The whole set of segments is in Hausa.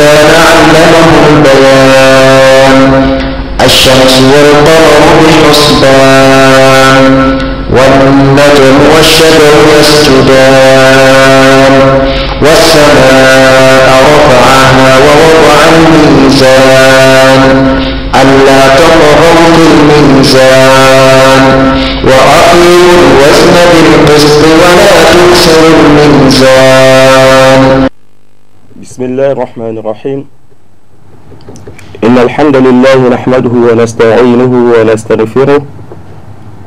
الإنسان البيان الشمس والقمر بحسبان والنجم والشجر يسجدان والسماء رفعها ووضع الميزان ألا تطغوا في الميزان وأقيموا الوزن بالقسط ولا تكسروا الميزان بسم الله الرحمن الرحيم إن الحمد لله نحمده ونستعينه ونستغفره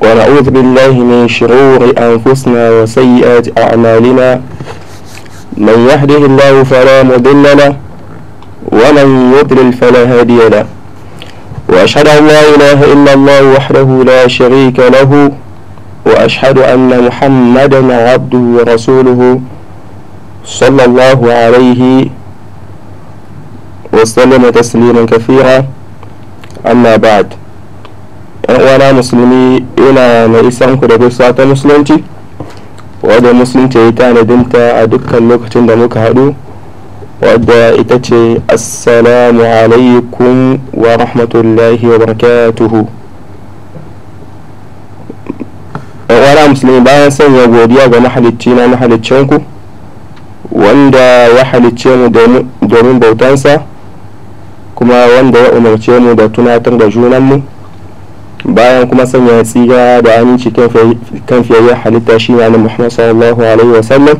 ونعوذ بالله من شرور أنفسنا وسيئات أعمالنا من يهده الله فلا مضل له ومن يضلل فلا هادي له وأشهد أن لا إله إلا الله وحده لا شريك له وأشهد أن محمدا عبده ورسوله صلى الله عليه وسلم تسليما كثيرا أما بعد ‘yan uwana musulmi ina mai isan ku da gaisuwa ta musulunci wadda musulunci ya yi tanadinta a dukkan lokacin da muka haɗu wadda ita ce assalamu alaikum wa rahmatullahi wa barakatuhu ‘yan musulmi bayan sanya godiya ga mahalicci na mahaliccinku wanda ya halicce mu domin bautansa kuma wanda ya umarce mu da tunatar da mu bayan kuma sanya tsira da aminci kan fiye halitta shi ne muhammad sallallahu alaihi wasallam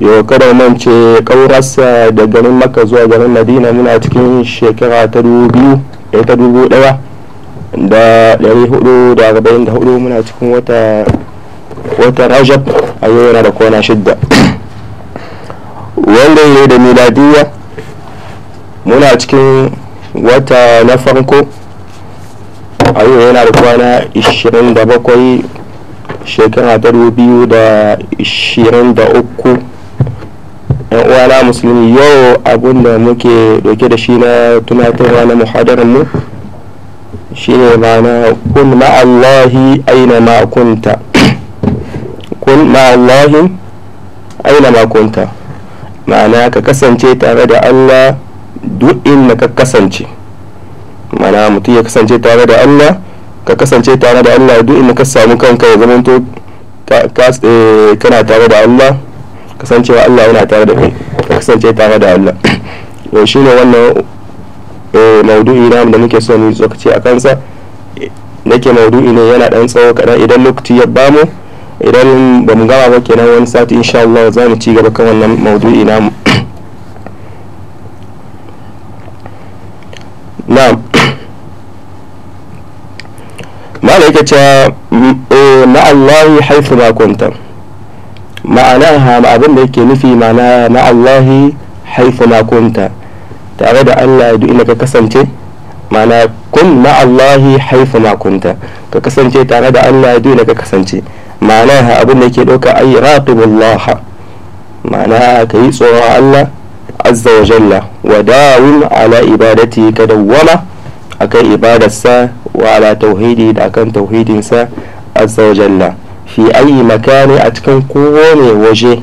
yau kada mance kaurarsa da garin maka zuwa garin madina muna cikin shekara ta dubu eh, ta dubu daya da dari hudu da arba'in da hudu muna cikin wata rajab a yau yana da kwana shidda wanda ya da miladiyya muna cikin wata na farko a yau yana da kwana 27 shekara 2023 yan uwana musulmi yau abin da muke doke da shi na tunatarwa na muhadararmu shine ma'ana kun ma'allahi aina makunta kun ma'allahi aina ma kunta ma'ana ka kasance tare da allah duk inda ka kasance mana mutum ya kasance tare da Allah ka kasance tare da Allah duk inda ka samu kanka ya zama to eh, kana tare da Allah kasancewa Allah yana tare da kai ka kasance tare da Allah to shine wannan eh, maudu'i na da muke so mu tsokaci a kansa nake maudu'i ne yana dan tsawo kadan idan lokaci ya bamu idan ba mu gama ba kenan wani sati insha Allah za mu ci gaba kan wannan maudu'i namu yake cewa na eh, Allahi haifu ma kunta ma'ana ha abin da yake nufi ma'ana na Allahi haifu ma kunta tare da Allah duk inda ka kasance ma'ana kun ma Allahi haifu ma kunta ka kasance tare da Allah duk inda ka kasance ma'ana ha abin da yake ɗauka ai raqibullah ma'ana ka yi tsoron Allah azza wa jalla wa dawim ala ibadati ka dawwama akan ibadarsa wa ala tauhidi da kan tauhidinsa azza wa jalla fi ayi makani a cikin kowane waje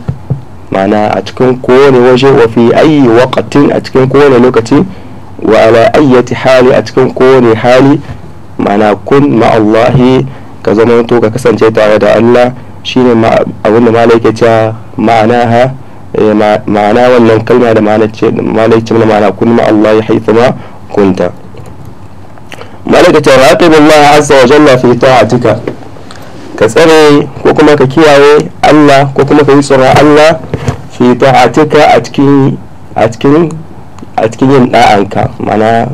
mana a cikin kowane waje wa fi ayi waqatin a cikin kowane lokaci wa ala ayyati hali a cikin kowane hali mana kun ma Allahi ka zama to ka kasance tare da Allah shine abin da malai ke ma'ana ha eh, ma'ana wannan kalma da malai ce malai ma'ana kun ma Allahi haythuma kunta malaka ta allah azza wa jalla fi ta'atika ka tsare ko kuma ka kiyaye Allah ko kuma ka yi tsoron Allah fi ta'atika a cikin a cikin a cikin yin da'anka mana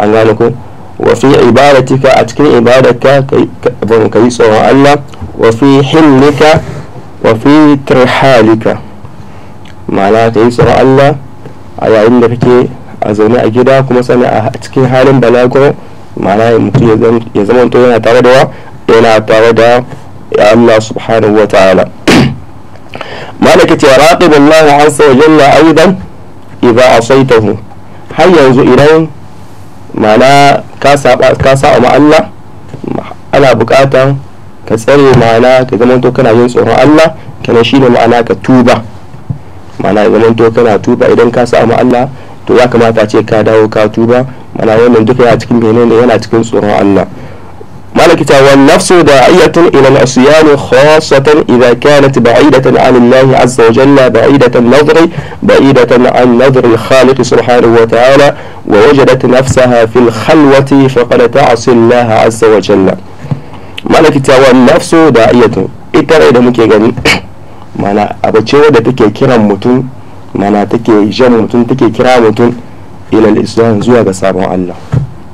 an gane ko wa fi ibadatika a cikin ibadarka ka yi tsoron Allah wa fi hillika wa fi tirhalika ma'ana ka yi tsoron Allah a yayin da kake a zaune a gida kuma sani a cikin halin balaguro ma'ana mutum ya zama to yana tare da yana tare da Allah subhanahu wa ta'ala malaka ce raqib Allah azza wa jalla aidan idza asaitahu har yanzu idan ma'ana ka saba ka saba ma Allah ana bukata ka tsare ma'ana ka zama to kana yin tsoron Allah kana shine ma'ana ka tuba ma'ana ya zama to kana tuba idan ka saba ma Allah to ya kamata ce ka dawo ka tuba mana wannan duka ya cikin menene yana cikin tsoron Allah malaki ta wa nafsu da ayatun ila al-asyan khassatan idha kanat ba'idatan 'an Allah azza wa jalla ba'idatan nadri ba'idatan 'an nadri khaliq subhanahu wa ta'ala wa wajadat nafsaha al khalwati faqad ta'si Allah azza wa jalla malaki ta wa nafsu da ayatun ita da muke gani mana abace wadda take kiran mutum mana take jan mutum take kira mutum ilal islam zuwa ga sabon Allah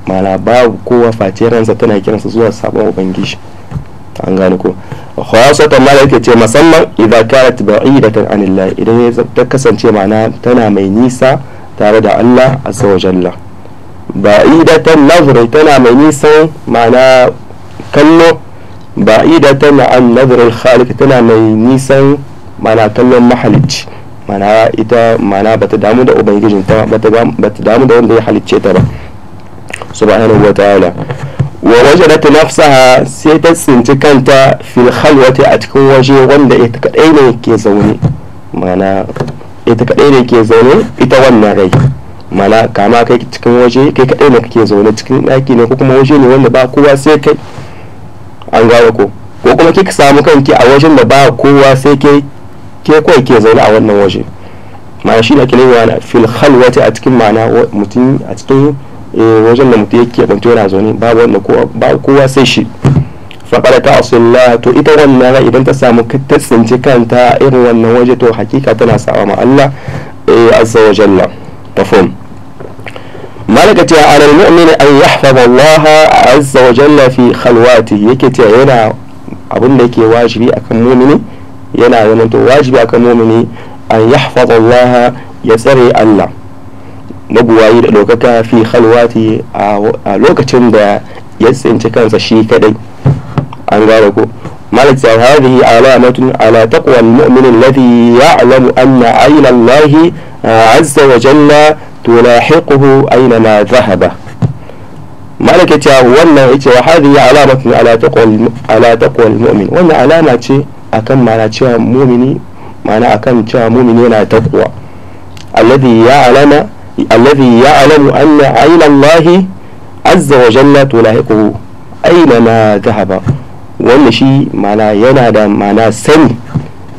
mana babu kowa face ransa tana kiransa zuwa sabon ubangiji an gane ko khasatan ma yake ce musamman idza kanat ba'idatan anillah idan ya ta kasance mana tana mai nisa tare da Allah azza wa jalla ba'idatan nazri tana mai nisan mana kallo ba'idatan an nazri al-khaliq tana mai nisan mana kallon mahalicci mana ita mana bata damu da ubangijin ta bata damu da wanda ya halicce ta ba subhanahu wa ta'ala wa wajadat nafsaha sai ta tsinci kanta fil khalwati a cikin waje wanda ita kadai ne ke zaune mana ita kadai ne ke zaune ita wannan rai mana kama kai cikin waje kai kadai ne kake zaune cikin daki ne ko kuma waje ne wanda ba kowa sai kai an gawo ko ko kuma kika samu kanki a wajen da ba kowa sai kai ke kawai ke zaune a wannan waje ma'ana shi da kelewa na fil khalwati a cikin ma'ana mutum a cikin eh, wajen da mutum yake kwanto yana zaune babu wanda ba kowa sai shi faɗaɗa ta asullah to ita wannan idan ta samu ta tsinci kanta irin wannan waje to hakika tana sawa ma Allah eh, azza wa jalla tafum malaka ce a ranar mu'min an yahfaz Allah azza wa jalla fi khalwati yake ce yana abin da yake wajibi akan mu'mini yana zama to wajibi aka mumini an yahfaza Allah ya tsare Allah maguwayi da ɗaukaka fi khalwati a lokacin da ya tsinci kansa shi kadai an gane ko malik sai hadhihi alamatun ala taqwa almu'min alladhi ya'lamu anna ayna Allah azza wa jalla tulahiquhu ayna ma dhahaba malik ya ce wannan yace wa hadhihi alamatun ala taqwa ala taqwa almu'min wannan alama ce akan mana cewa mumini mana akan cewa mumini yana takwa alladhi ya'lamu alladhi ya'lamu anna 'ayna allahi azza wa jalla tulahiquhu aina ma dhahaba wannan shi mana yana da mana sani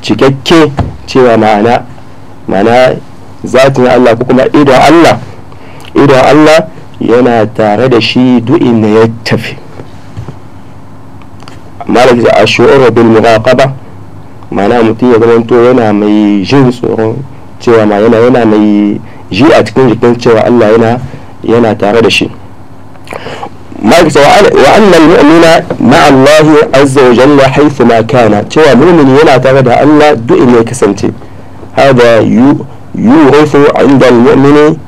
cikakke cewa mana ma'ana zatin Allah ko kuma idon Allah idon Allah yana tare da shi duk da ya tafi malaka a shu'ur bil muraqaba ma'ana mutum ya to yana mai jin tsoron cewa ma yana yana mai ji a cikin jikin cewa Allah yana yana tare da shi ma'aikata wa annal mu'mina ma Allah azza wa jalla haythu ma kana cewa mu'mini yana tare da Allah duk inda ya kasance hada yu yurithu inda al-mu'mini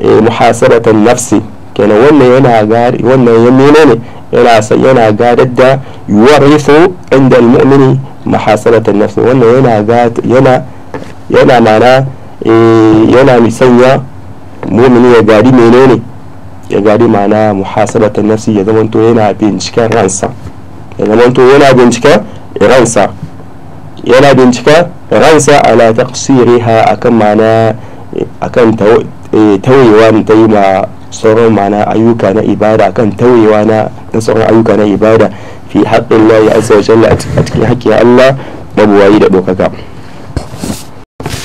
eh, muhasabata nafsi kenan wannan yana gari wannan ya menene yana yana gadar da yurithu inda al-mu'mini muhasalatan nafsi wannan yana yana yana mana eh, yana misanya mumini ya gari menene ya gari mana muhasalatan nafsi ya zamanto yana binciken ransa ya zamanto yana binciken ransa yana binciken ransa ala taqsiriha akan mana akan tawayewa eh, ta yi ma sauran mana ayyuka na ibada akan tawayewa na sauran ayyuka na ibada في حق الله عز وجل أتكي حكي الله نبو وعيد أبوكك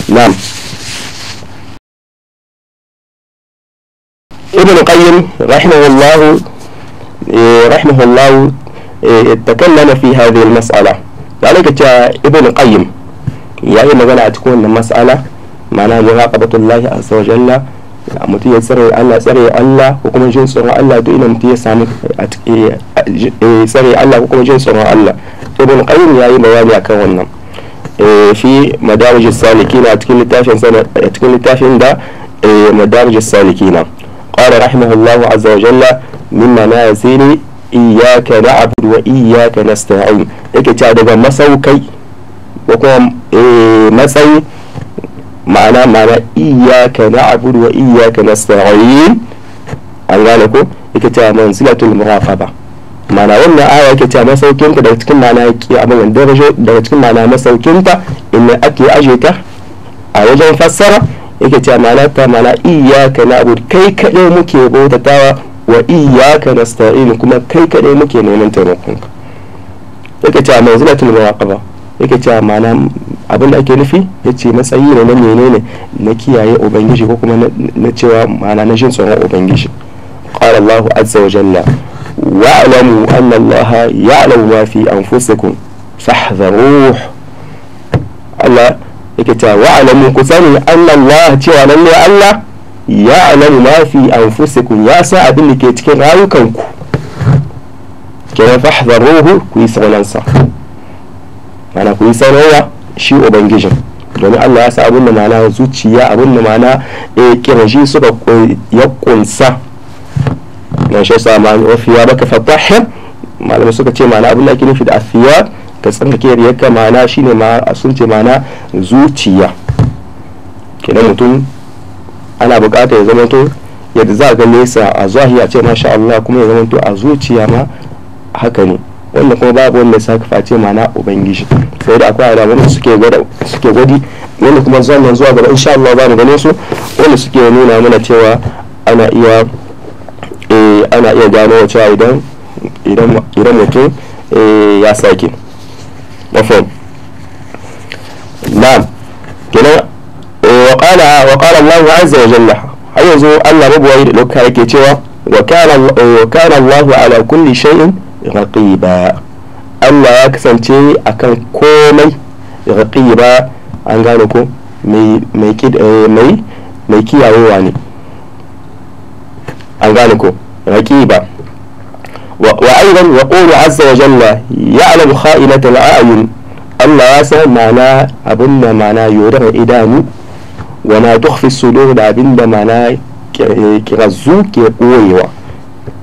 نعم ابن القيم رحمه الله إيه، رحمه الله إيه، تكلم في هذه المسألة ذلك جاء ابن القيم يعني مغلعة تكون المسألة معناها مراقبة الله عز وجل mutum ya tsare Allah tsare Allah ko kuma jin tsoron Allah duk inda mutum ya samu eh, eh, tsare Allah ko kuma jin tsoron Allah ibn qayyim yayi bayani akan wannan eh, shi madarij salikin a cikin littafin a cikin littafin da madarij salikin qala rahimahullahu azza wa jalla mimma la yasiri iyyaka na'budu wa iyyaka nasta'in yake cewa daga masaukai ko kuma matsayi ma'ana ma'ana iya iyaka na'budu wa iyaka nasta'in an gane ko ita yake cewa manzilatul ba ma'ana wannan aya yake cewa masaukin daga cikin ma'ana yake abin nan darajo daga cikin ma'ana masaukin ta inda ake aje ta a wajen fassara yake cewa ma'ana ta ma'ana iya iyaka na'budu kai kaɗai muke bautatawa wa iya iyaka nasta'in kuma kai kaɗai muke neman taimakon ka yake cewa manzilatul ba yake cewa ma'ana abin da ake nufi ya ce matsayi ne na menene na kiyaye ubangiji ko kuma na cewa mana na jin tsoron ubangiji qala Allahu azza wa jalla wa'lamu anna Allaha ya'lamu ma fi anfusikum fahdharuh Allah yake cewa wa'lamu ku sani anna Allah cewa lalle Allah ya'lamu ma fi anfusikum ya sa abin da ke cikin rayukanku kenan fahdharuhu ku yi sauransa mana ku yi sauransa shi ubangijin domin allah ya sa abin da mana zuciya abin da mana eh, kirji suka ya kunsa na shi sa ma wafiya baka fatahir malamai suka ce mana abin da ake nufi da afiya ka tsarkake riyarka mana shine ma sun ce mana zuciya kenan mutum ana bukata ya zama to yadda za ga nesa a zahiya ce masha Allah kuma ya zama to a zuciya ma haka ne wanda kuma babu wanda ya saka face mana ubangiji sai da akwai da wanda suke gwada suke gwadi wanda kuma zan zuwa gaba insha Allah ba mu gane su wanda suke nuna mana cewa ana iya eh ana iya gano cewa idan idan idan mutum eh ya sake mafon na'am kenan eh, wa qala wa qala Allah azza wa jalla har yanzu Allah mabuwayi da dauka yake cewa wa kana wa kana Allah ala kulli shay'in raqiba Allah ya kasance akan komai raqiba an gane ko mai eh, kiyayewa ne an gane ko raqiba azza wa jalla ya'lamu يعلم al-a'yun Allah ya san mana abin da mana yorar idanu wana tukhfi sudur da abin da mana kirazzu eh, ke koyewa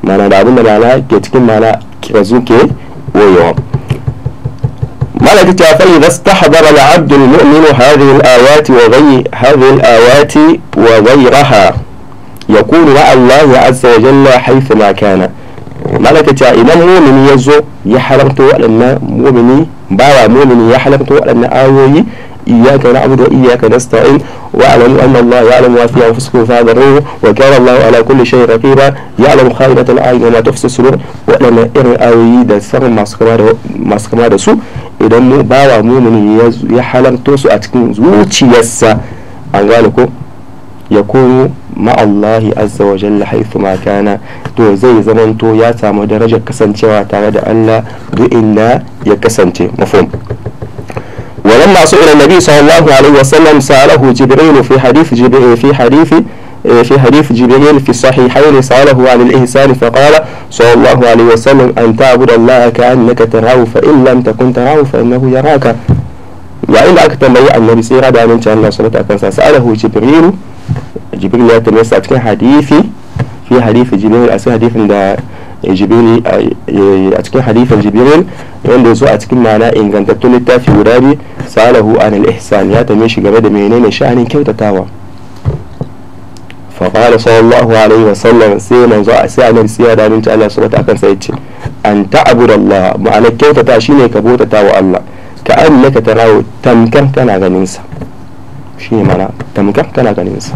mana da abin da mana ke cikin mana رزوكي ويوم ملكة فإذا استحضر العبد المؤمن هذه الآوات وغي هذه الآوات وغيرها يقول مع الله عز وجل حيثما كان ملكة إمام مؤمن يزو يحرمت وأن مؤمني bawa mumini ya halatta waɗanne ayoyi iyyaka na'budu wa iyyaka nasta'in wa alamu anna Allah ya'lamu ma fi anfusikum wa ala kulli shay'in ba ya'lamu khayrata al-a'yun wa ma tufsi sudur wa alamu irin ayoyi da sirrin masu kama da su idan mu bawa mumini ya halatta su a cikin zuciyarsa an ko ya koyo مع الله عز وجل حيثما كان تو زي زمن تو يا سامو درجة كسنتي واتارة أن دو يكسنتي مفهوم ولما سئل النبي صلى الله عليه وسلم سأله جبريل في حديث جبريل في حديث في حديث جبريل في الصحيحين سأله عن الإنسان فقال صلى الله عليه وسلم أن تعبد الله كأنك تراه فإن لم تكن تراه فإنه يراك وإن أكتم لي أن النبي سيرى بأمان الله صلى الله عليه وسلم سأله جبريل jibril ya tambaye a cikin hadisi fi hadisi jibril a cikin hadisin da eh, jibril eh, eh, a cikin hadisin jibril wanda zo a cikin mana ingantattun littafi guda biyu salahu anil ihsan ya tambaye shi game da menene sha'anin kyautatawa faƙala sallallahu alaihi wa sallam sai manzo a sai annabi sai ya da Allah subhanahu wa ta'ala sai ce an ta'budu Allah ma'ana kyautata shine ka bautata wa Allah ka annaka tarawo tamkar ganin sa shine tamkar ganin sa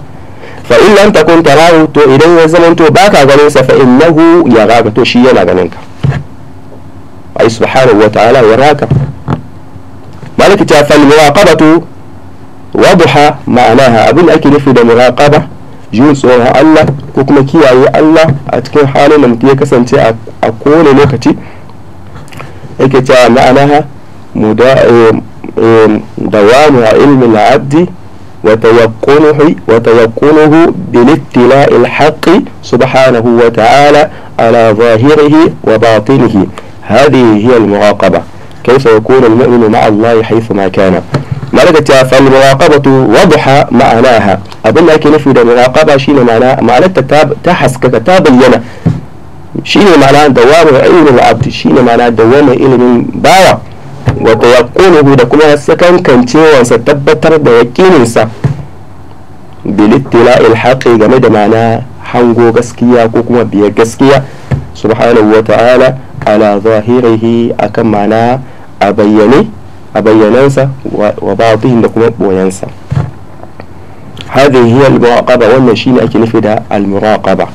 fa in lam takun tarahu to idan ya to baka ganin sa fa innahu yaraka to shi yana ganin ka ay subhanahu wa ta'ala yaraka malaki ta fal muraqabatu wadha ma'anaha abin ake nufi da muraqaba jin tsoron Allah ko kuma kiyaye Allah a cikin halin da mutum ya kasance a kowane lokaci yake cewa ma'anaha muda eh, eh, dawamu a ilmin abdi وتوكله وتوكله بالابتلاء الحق سبحانه وتعالى على ظاهره وباطنه هذه هي المراقبة كيف يكون المؤمن مع الله حيثما كان مالك فالمراقبة وضح معناها أبن لك نفي المراقبة شين معناها معنى التتاب تحسك تتاب الينا شين معنى دوام علم العبد شين معنى دوام علم باوة wa tayaqqunuhu da kuma sakankancewansa tabbatar da yaqininsa bil ittila'il game da mana hango gaskiya ko kuma biyar gaskiya subhanahu wa ta'ala ala zahirihi akan ma'ana a bayyane a bayyanansa wa batihin da kuma boyansa هذه هي المراقبة والنشين أكنفدا المراقبة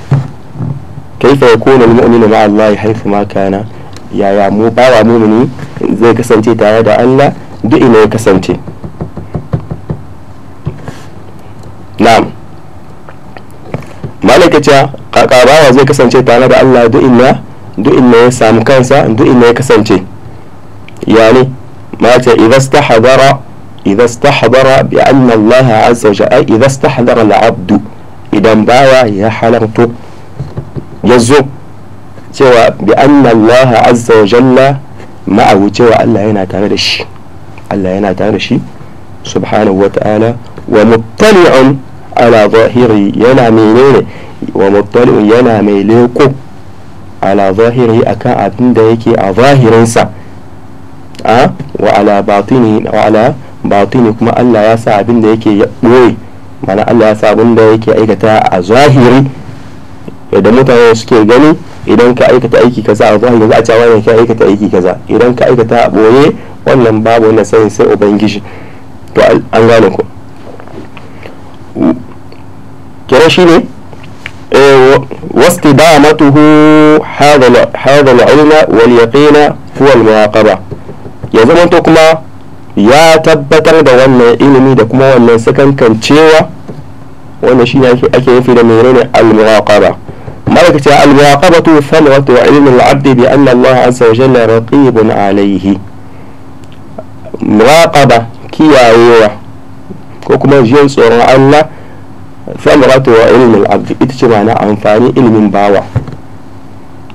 كيف يكون المؤمن مع الله حيثما كان yaya mu bawa mumini zai kasance tare da Allah duk ina ya kasance na'am malakaci kaka bawa zai kasance tare da Allah duk ina duk ina ya samu kansa duk ina ya kasance yani mata idan stahdara idan stahdara bi anna Allah azza wa idan stahdara al idan bawa ya halarto yazo cewa bi anna Allah azza wa jalla ma'ahu cewa Allah yana tare da shi Allah yana tare da shi subhanahu wa ta'ala wa muttali'un ala zahiri yana menene wa muttali'un yana mai leko ala zahiri akan abin da yake a sa a wa ala batini wa ala batini kuma Allah ya sa abin da yake ɓoye mana Allah ya sa abin da yake aikata a zahiri idan mutane suke gani idan ka aikata aiki kaza a zahiri za a cewa ne ka aikata aiki kaza idan ka aikata a boye wannan babu wannan sai sai ubangiji to an gane ku kenan shine واستدامته هذا هذا العلم واليقين هو المراقبه ya zama to kuma ya tabbatar da wannan ilimi da kuma wannan sakankan cewa wannan shi ake fi da menene al-muraqaba ملكة المراقبة ثمرة علم العبد بأن الله عز وجل رقيب عليه مراقبة كياوة كوكما جين tsoron ثمرة علم العبد اتجمع أنفاني علم باوة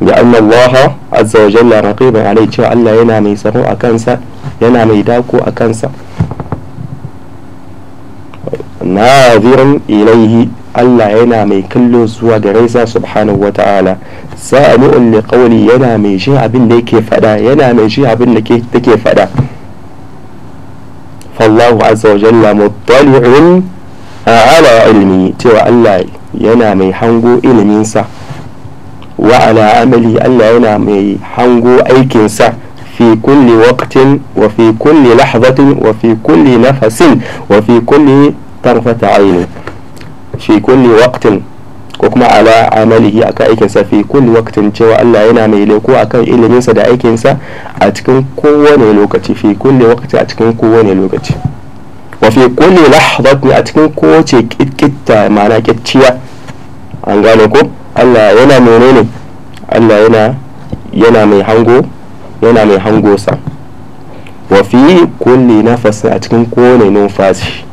لأن الله عز وجل رقيب عليه cewa الله yana mai أكنسا a kansa أكنسا ناظرا إليه Allah yana mai kallo zuwa gare sa subhanahu wata'ala sa'alu'un li qawli yana mai shi abin da yake fada yana mai shi abin da take fada fallahu azza wa jalla muttali'un ala ilmi cewa Allah yana mai hango iliminsa wa ala amali Allah yana mai hango aikinsa في كل وقت وفي كل لحظة وفي كل نفس وفي كل طرفة عين fi kulli waqtin ko kuma ala amalihi akan sa fi kulli waqtin cewa Allah yana mai leko akan sa da aikin sa a cikin kowane lokaci fi kulli waqti a cikin kowane lokaci wa fi kulli lahdatin a cikin kowace kitta ma'ana kicciya an gane ko Allah yana menene Allah yana yana mai hango yana mai hango sa wa fi kulli nafasin a cikin kowane numfashi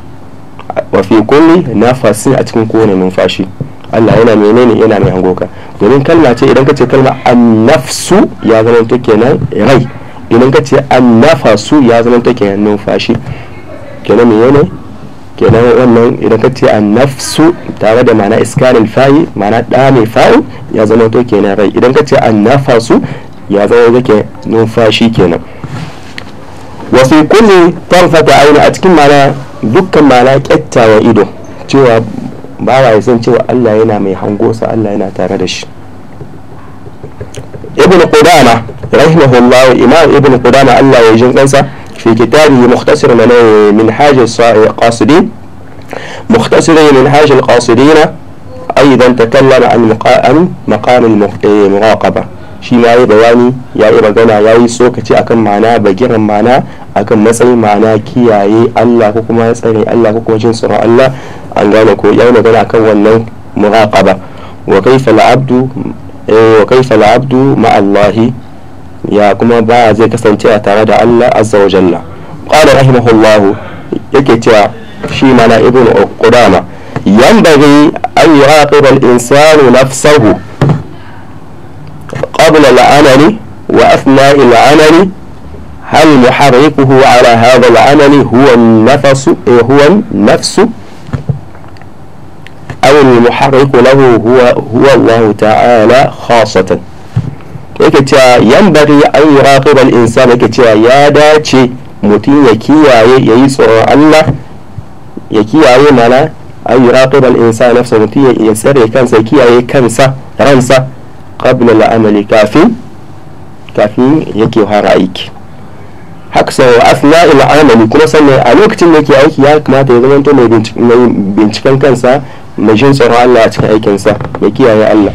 wafi fi kulli nafasin a cikin kowane numfashi Allah yana menene yana mai hangoka domin kalma ce idan ka ce kalma annafsu ya zama ta kenan rai idan ka ce annafasu ya zama ta kenan numfashi kenan menene kenan wannan idan ka ce annafsu tare da ma'ana iskanin fayi ma'ana da mai fa'i ya zama ta kenan rai idan ka ce annafasu ya zama ta kenan numfashi kenan wasu kulli tarfata aina a cikin ma'ana dukkan ma'ana kyattawa ido cewa ba ya san cewa Allah yana mai hango sa Allah yana tare da shi ibn qudama rahimahullah imam ibn qudama Allah ya jin kansa fi kitabihi mukhtasar min hajj qasidin مختصر منهاج القاصدين na تكلم عن مقام مقام shi ma yi bayani ya yi magana ya yi tsokaci akan mana bagiran mana akan matsayin mana kiyaye Allah ko kuma tsare Allah ko kuma jin tsoron Allah an gane ko ya yi magana akan wannan muraqaba wa kaifa al'abdu eh, wa kaifa ma Allah ya kuma ba zai kasance a tare da Allah azza wa jalla qala rahimahullahu yake cewa shi mana ibnu qudama yanbaghi an yuraqib al-insanu nafsahu قبل العمل وأثناء العمل هل محركه على هذا العمل هو النفس هو النفس أو المحرك له هو هو الله تعالى خاصة كتا ينبغي أن يراقب الإنسان كتا يا داتي متين يكياي ييسر الله يكياي ملا أن يراقب الإنسان نفسه متين يسر كنسا يكياي كنسا رنسا qabla al'amali kafin kafin yake fara aiki haka sai wa asna ila amali kuma sannan a lokacin da yake aiki ya kamata ya zamanto mai binciken kansa mai jin tsoro Allah a cikin aikinsa mai kiyaye Allah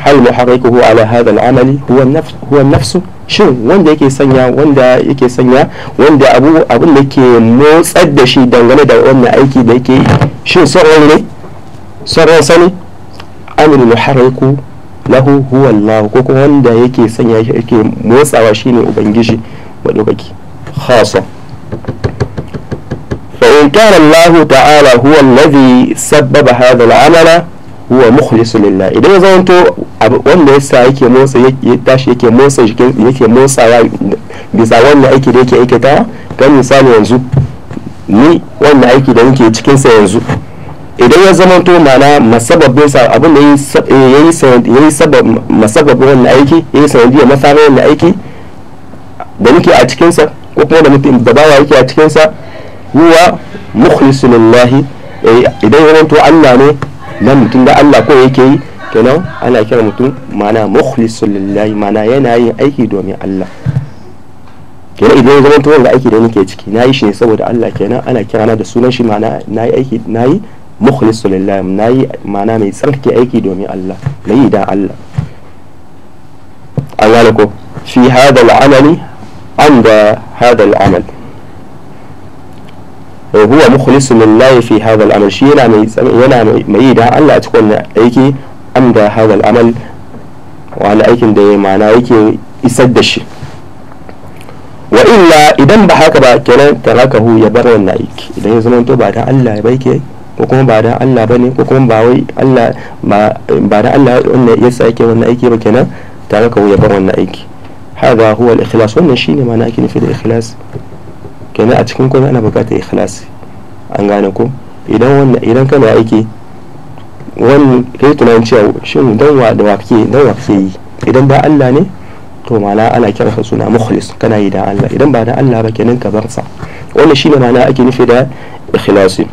hal muharrikuhu ala hadha al'amali huwa nafs huwa nafsu shin wanda yake sanya wanda yake sanya wanda abu abin da yake motsar da shi dangane da wannan aiki da yake shin tsoron ne tsoron sani amil muharriku lahu huwa Allah ko kuma wanda yake sanya shi yake motsawa shine ubangiji madaukaki khasa fa in kana Allah ta'ala huwa alladhi sabbaba hadha al-amala huwa mukhlis lillah idan ya zanto wanda yasa yake motsa ya tashi yake motsa yake motsawa bisa wannan aiki da yake aikata kan misali yanzu ni wannan aiki da nake cikin sa yanzu idan ya zama to mana masababin sa abin da ya eh, yi sabab masababin wannan aiki ya yi sanadiyar mafarin wannan aiki da muke a cikinsa ko kuma da mutum da bawa yake a cikinsa huwa mukhlisu lillahi eh, idan ya zama to Allah ne na mutum da Allah ko yake yi kenan ana kira mutum mana mukhlisu lillahi mana yana yin aiki domin Allah kenan idan ya zama to wanda aiki da nake ciki na yi shi ne saboda Allah kenan ana kira na da sunan shi mana na yi aiki na yi mukhlisu lillahi nayi ma'ana mai tsarki aiki domin Allah nayi da Allah an gane ko fi hada al'amali an da hada al'amal huwa mukhlisu lillahi fi hada al'amal shi yana mai yana mai da Allah a cikin aiki an da hada al'amal wani aikin da ya ma'ana yake isar da shi wa illa idan ba haka ba kenan tarakahu ya bar wannan aiki idan ya zama to ba da Allah ya bai ke ko kuma ba dan Allah bane ko kuma ba wai Allah ba dan Allah wanda ya sa yake wannan aiki ba kenan tare ka ya bar wannan aiki haka huwa al-ikhlas wannan shine ma'ana ake nufi da ikhlas kenan a cikin komai ana bukatar ikhlas an gane ko idan wannan idan kana aiki wani kai tunanin cewa shin dan wa da wa kake dan wa kake yi idan ba Allah ne to mala ana kira ka suna mukhlis kana yi da Allah idan ba da Allah ba kenan ka bar sa wannan shine ma'ana ake nufi da ikhlasi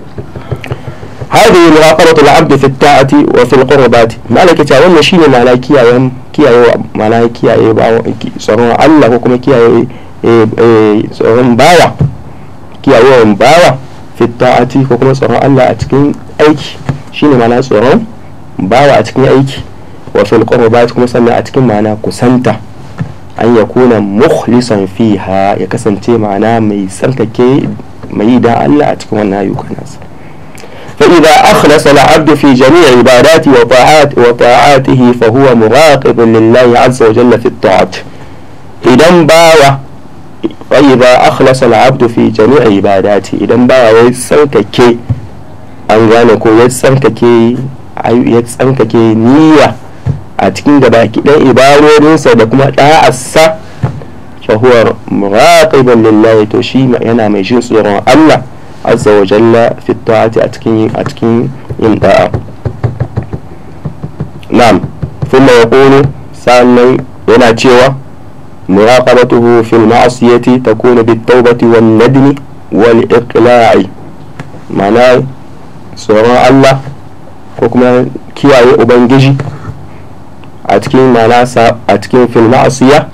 هذه مغافرة العبد في الطاعة وفي القربات مالك تا wannan shine mala kiyayen kiyaye mala kiyaye bawo tsaron Allah ko kuma kiyaye tsaron bawa kiyaye wa bawa fi ta'ati ko kuma tsaron Allah a cikin aiki shine mala tsaron bawa a cikin aiki wa fil qurbat kuma sannan a cikin ma'ana kusanta an ya kuna mukhlisan fiha ya kasance ma'ana mai tsarkake mai da Allah a cikin wannan ayyukan nasa فإذا أخلص العبد في جميع عباداته وطاعات وطاعاته فهو مراقب لله عز وجل في الطاعة إذن باوة فإذا أخلص العبد في جميع عباداته إذن باوة يتسنكك أنغانكو يتسنكك كي نية أتكين دباك إذن إبارو نسا دكما تاعسا فهو مراقب لله تشيما ينا مجيس الله azza wa jalla fi ta'ati a cikin a cikin yin da'a na'am thumma yaqulu sannan yana cewa muraqabatuhu al ma'siyati takunu bit tawbati wan nadmi wal iqla'i ma'ana tsoron Allah ko kuma kiyaye ubangiji a cikin ma'ana a cikin fil ma'siya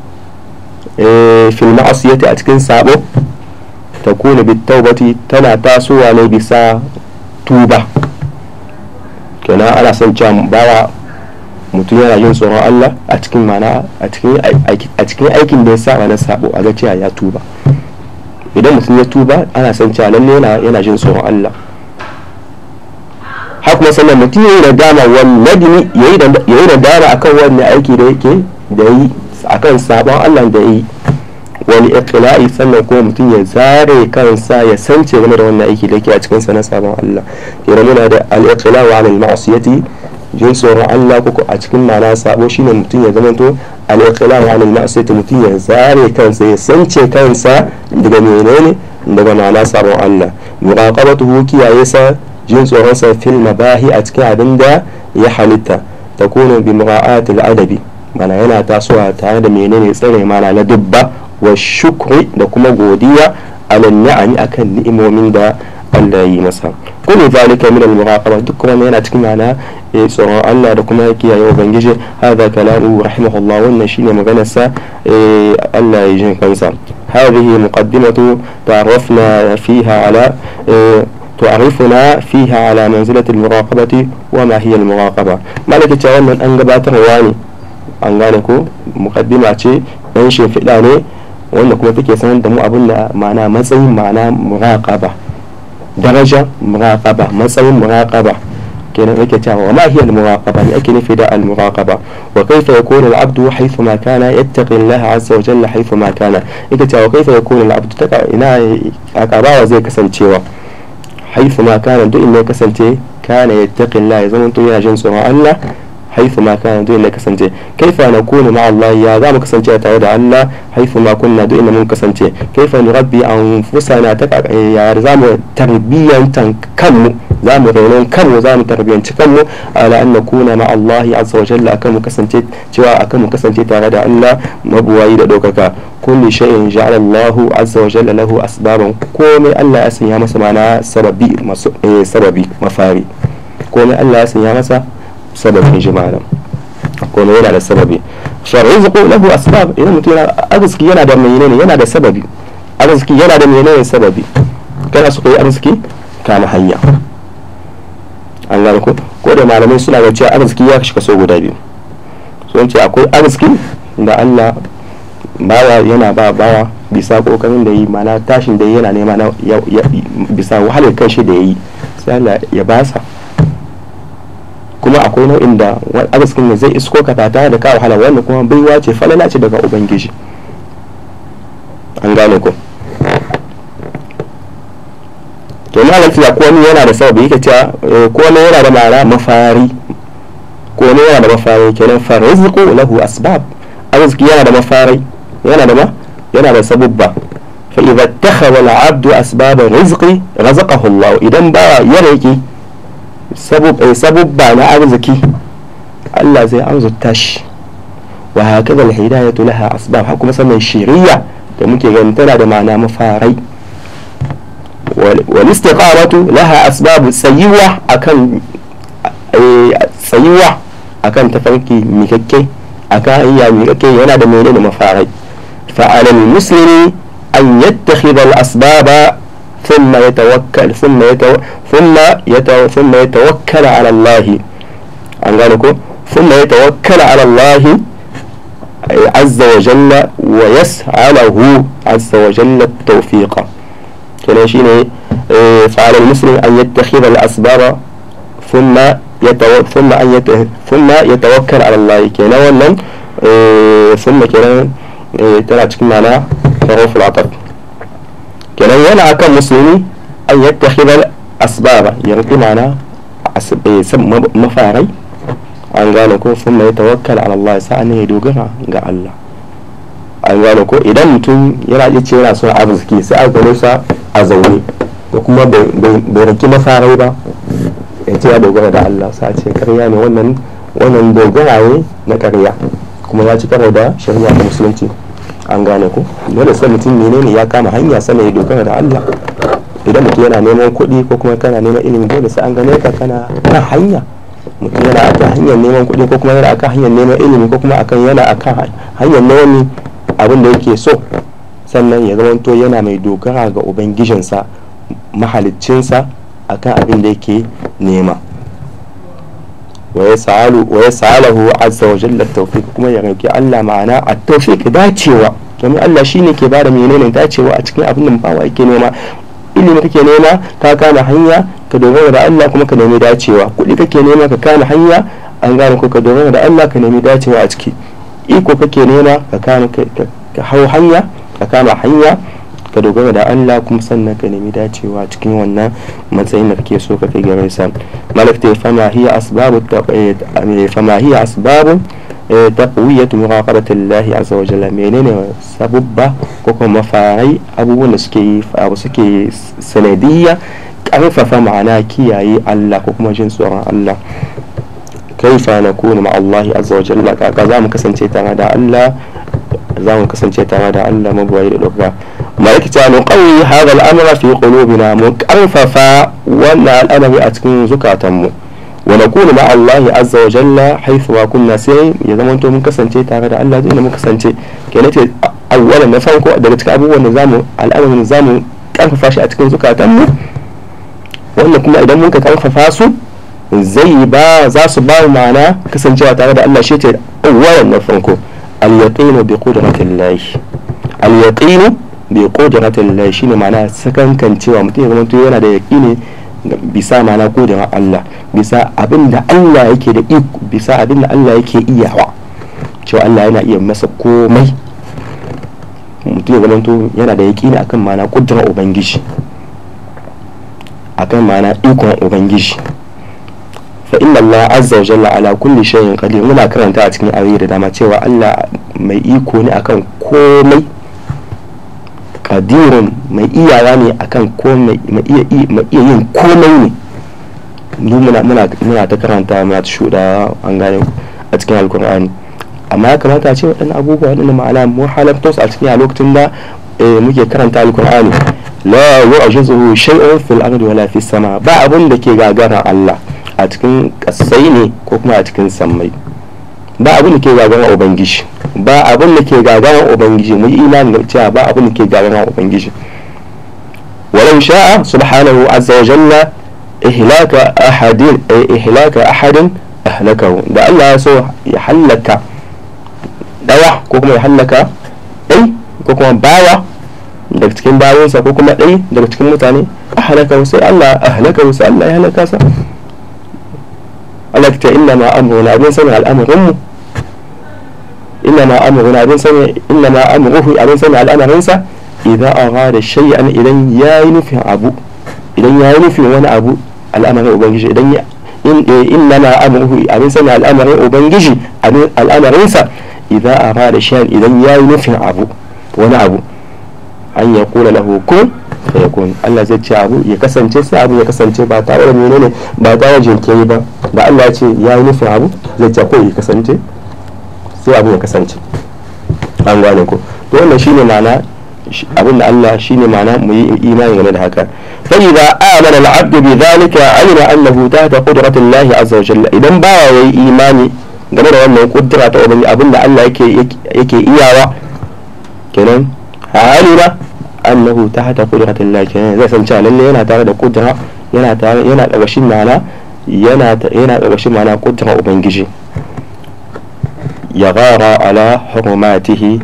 eh, fil ma'siyati a cikin sabo takuna kuna bitaubati tana tasowa ne bisa tuba kenan ana son cewa bawa mutum yana yin tsoron Allah a cikin mana a cikin aikin da ya sa na sabo a ga cewa ya tuba idan mutum ya tuba ana son cewa lalle yana yin tsoron Allah haka kuma sannan mutum ya yi da dama wannan ya yi da dama akan wani aiki da yake da yi akan sabon Allah da ya yi wani iqla'i sannan kuma mutum ya zare kansa ya sance game da wannan aiki da yake a cikin sa na sabon Allah kenan muna da al-iqla'u 'ala al-ma'siyati jin tsoron Allah ko a cikin ma'ana sabo shine mutum ya zamanto al-iqla'u 'ala al-ma'siyati mutum ya zare kansa ya sance kansa daga menene daga ma'ana sabon Allah muraqabatuhu kiyaye sa jin tsoron sa fil mabahi a cikin abin da ya halitta takunu bi mura'ati adabi mana yana tasowa tare da menene tsare mana na dubba والشكر دا كما جودية على النعم أكن نئم ومن دا الله ينسى كل ذلك من المراقبة دكما مينا تكما على إيه، سورة الله دكما كي يا وبنجي هذا كلامه رحمه الله والنشين مغنسة إيه، الله يجن كنسا هذه مقدمة تعرفنا فيها على إيه، تعرفنا فيها على منزلة المراقبة وما هي المراقبة مالك تعلم أن قبات رواني أن مقدمة أنشي في الآن wanda kuma take sanar da mu abin da ma'ana matsayin ma'ana muraqaba daraja muraqaba matsayin muraqaba kenan yake cewa wa ma hiya al-muraqaba ne ake nufi da al-muraqaba wa kaifa yakunu al-abdu haythu ma kana yattaqi Allah azza wa jalla haythu ma kana ita cewa wa kaifa yakunu al-abdu taka ina akabawa zai kasancewa haythu ma kana duk inda ya kasance kana yattaqi Allah ya zama to yana jin tsoron Allah haifu ma kana duk inda kasance kaifa kuna ma Allah ya za mu kasance tare da Allah haifu ma kunna duk inda mun kasance kaifa nurabbi anfusana ta ya za mu tan kanmu za mu raunin kanmu za mu tarbiyanci kanmu ala an kuna ma Allah azza wa jalla akan mu kasance cewa akan mu kasance tare da Allah mabuwayi da dokaka kulli shay'in ja'ala Allahu azza wa jalla lahu asbaban komai Allah ya sanya masa mana sababi masu eh, sababi mafari komai Allah ya sanya masa sababin shi ko komai yana da sababi shar'izuku lahu asbab idan mutum yana arziki yana da menene yana da sababi arziki yana da menene sababi kana su koyi arziki kama hanya an gane ko ko da malamai suna ga cewa arziki ya kashi kaso guda biyu sun ce akwai arziki da Allah bawa yana ba bawa bisa kokarin da yi mana tashin da yana nema na bisa wahalar kanshi da yayi sai Allah ya basa kuma akwai nau'in da arzikin ne zai isko ka tata da ka wahala wannan kuma baiwa ce falala ce daga ubangiji an gane ku to na tiya ya kowani yana da sababi yake cewa eh, kowani yana da mara mafari kowani yana da mafari kenan farizqu lahu asbab arziki yana da mafari yana da ma yana da sabubba fa idza ittakhadha al-'abdu asbaba rizqi razaqahu Allah idan ba yana yake Eh, sabubba na arziki Allah zai arzuta shi wa hakaza alhidayatu laha asbab har kuma sannan shiriya da muke ganin tana da ma'ana mafarai wal istiqamatu laha asbab sayyiwa akan eh, sayyiwa akan tafarki mikakke akan iya mikakke yana da menene mafarai fa alal muslimi an yattakhidha al asbaba ثم يتوكل ثم يتو ثم يتو ثم يتوكل على الله أنقالكم ثم يتوكل على الله عز وجل ويسعى له عز وجل التوفيق كنا شيء إيه، فعلى المسلم أن يتخذ الأسباب ثم يتو... ثم أن يت... ثم يتوكل على الله كنا ولن إيه، ثم كنا إيه، ترى تكمل على رؤوف العطف kenan yana kan musulmi an yadda hibar asbaba yanzu mana mafarai an gane ko sun mai tawakkal ala Allah sa ne ya dogara ga Allah an gane ko idan mutum yana ji ce yana son arziki sai a gano sa a zaune da kuma bai raki mafarai ba ya ce ya dogara da Allah sa ce karya ne wannan wannan dogara ne na karya kuma ya ci karo da shari'a ta musulunci an gane ku dole sai mutum menene ya kama hanya sana ya dogara da Allah idan mutum yana neman kuɗi ko kuma kana neman ilimi dole sai an gane ka kana kan hanya mutum yana akan hanyar neman kuɗi ko kuma yana akan hanyar neman ilimi ko kuma akan yana akan hanyar neman abin da yake so sannan ya zama to yana mai dogara ga ubangijinsa mahaliccinsa akan abin da yake nema waya ya sa'alahu azza wa jalla tawfiq kuma ya roki Allah ma'ana a tawfiq dacewa domin Allah shine ke bada menene dacewa a cikin abin da bawa yake nema ilimi kake nema ka kama hanya ka dogara da Allah kuma ka nemi dacewa kuɗi kake nema ka kama hanya an gane ko ka dogara da Allah ka nemi dacewa a ciki iko kake nema ka kama ka hau hanya ka kama hanya ka dogara da Allah kuma sannan ka nemi dacewa cikin wannan matsayin da kake so ka kai gaban sa malaf ta fama hiya asbabu eh, fama hiya asbabu eh, taqwiyat muraqabati Allah azza wa jalla menene sabubba ko kuma mafarai abubuwan da suke abu suke sanadiyya karfafa ma'ana kiyaye Allah ko kuma jin tsoron Allah kaifa na kone ma Allah azza wa jalla kaka za mu kasance tare da Allah za mu kasance da Allah malaki ta nu qawi hadha al-amra fi qulubina mu karfafa wannan al'amari a cikin zukatanmu wa nakunu ma Allah azza wa jalla haythu kunna sai ya to mun kasance tare da Allah inda mun kasance kenan ce awwalan na farko daga cikin abubuwan da zamu al'amarin zamu karfafa shi a cikin zukatanmu wannan kuma idan mun ka karfafa su zai ba za su ba ma'ana kasancewa tare da Allah shi ce awwalan na farko al-yaqinu bi qudratillahi al-yaqinu bi qudratil lahi shine ma'ana sakankan cewa mutum ya zamanto yana da ne bisa ma'ana kudirar Allah bisa abin da Allah yake da iko bisa abin da Allah yake iyawa cewa Allah yana iya masa komai mutum ya zamanto yana da ne akan ma'ana kudirar ubangiji akan ma'ana ikon ubangiji fa inna Allah azza wa jalla ala kulli shay'in qadir muna karanta a cikin ayoyi da dama cewa Allah mai iko ne akan komai kadirin mai iyawa ne akan ko mai iya yin komai ne mu muna ta karanta muna ta shuda an gane a cikin alkur'ani amma ya kamata a ce waɗannan abubuwa waɗanda ma'ala mu halafta su a cikin a lokacin da eh, muke karanta alkur'ani la yu'jizuhu shay'un fil ardi wala fi sama ba abun da ke gagara Allah a cikin kasai ne ko kuma a cikin sammai ba abun da ke gagara ubangiji ba abin da ke gagaran ubangiji mu yi imani da cewa ba abin da ke gagaran ubangiji walau sha'a subhanahu azza wa jalla ihlaka ahadin ay eh, ihlaka ahadin ahlakahu da Allah ya so ya halaka daya ko kuma ya halaka dai ko kuma bawa daga cikin bayansa ko kuma dai daga cikin mutane ahlakahu sai Allah ahlakahu sai Allah ya halaka sa alakta ta inna ma amruna bin sanin al'amarin inna ma amruna abin abin sani al'amarinsa idan idan yayi nufin abu idan nufin wani abu al'amarin ubangiji idan ya inna ma amruhu abin al'amarin ubangiji al'amarinsa idan arada shay'an idan nufin abu wani abu an ya kula lahu kun Allah zai ce abu ya kasance sai abu ya kasance ba tare da ne ba tare da jinkiri ba da Allah ya ce yayi nufin abu zai ce ko ya kasance sai abin ya kasance an gane ko to wannan shine ma'ana abin da Allah shine ma'ana mu yi imani game da haka فإذا آمن العبد بذلك علم أنه تحت قدرة الله عز idan ba باوا yi imani game da wannan kudura ta ubangi abin da Allah yake iyawa kenan halira annahu tahta qudratin Allah kenan zai san cewa lalle yana tare da kudura yana tare yana daga shin mana yana yana daga shin mana kudura ubangiji يغار على حرماته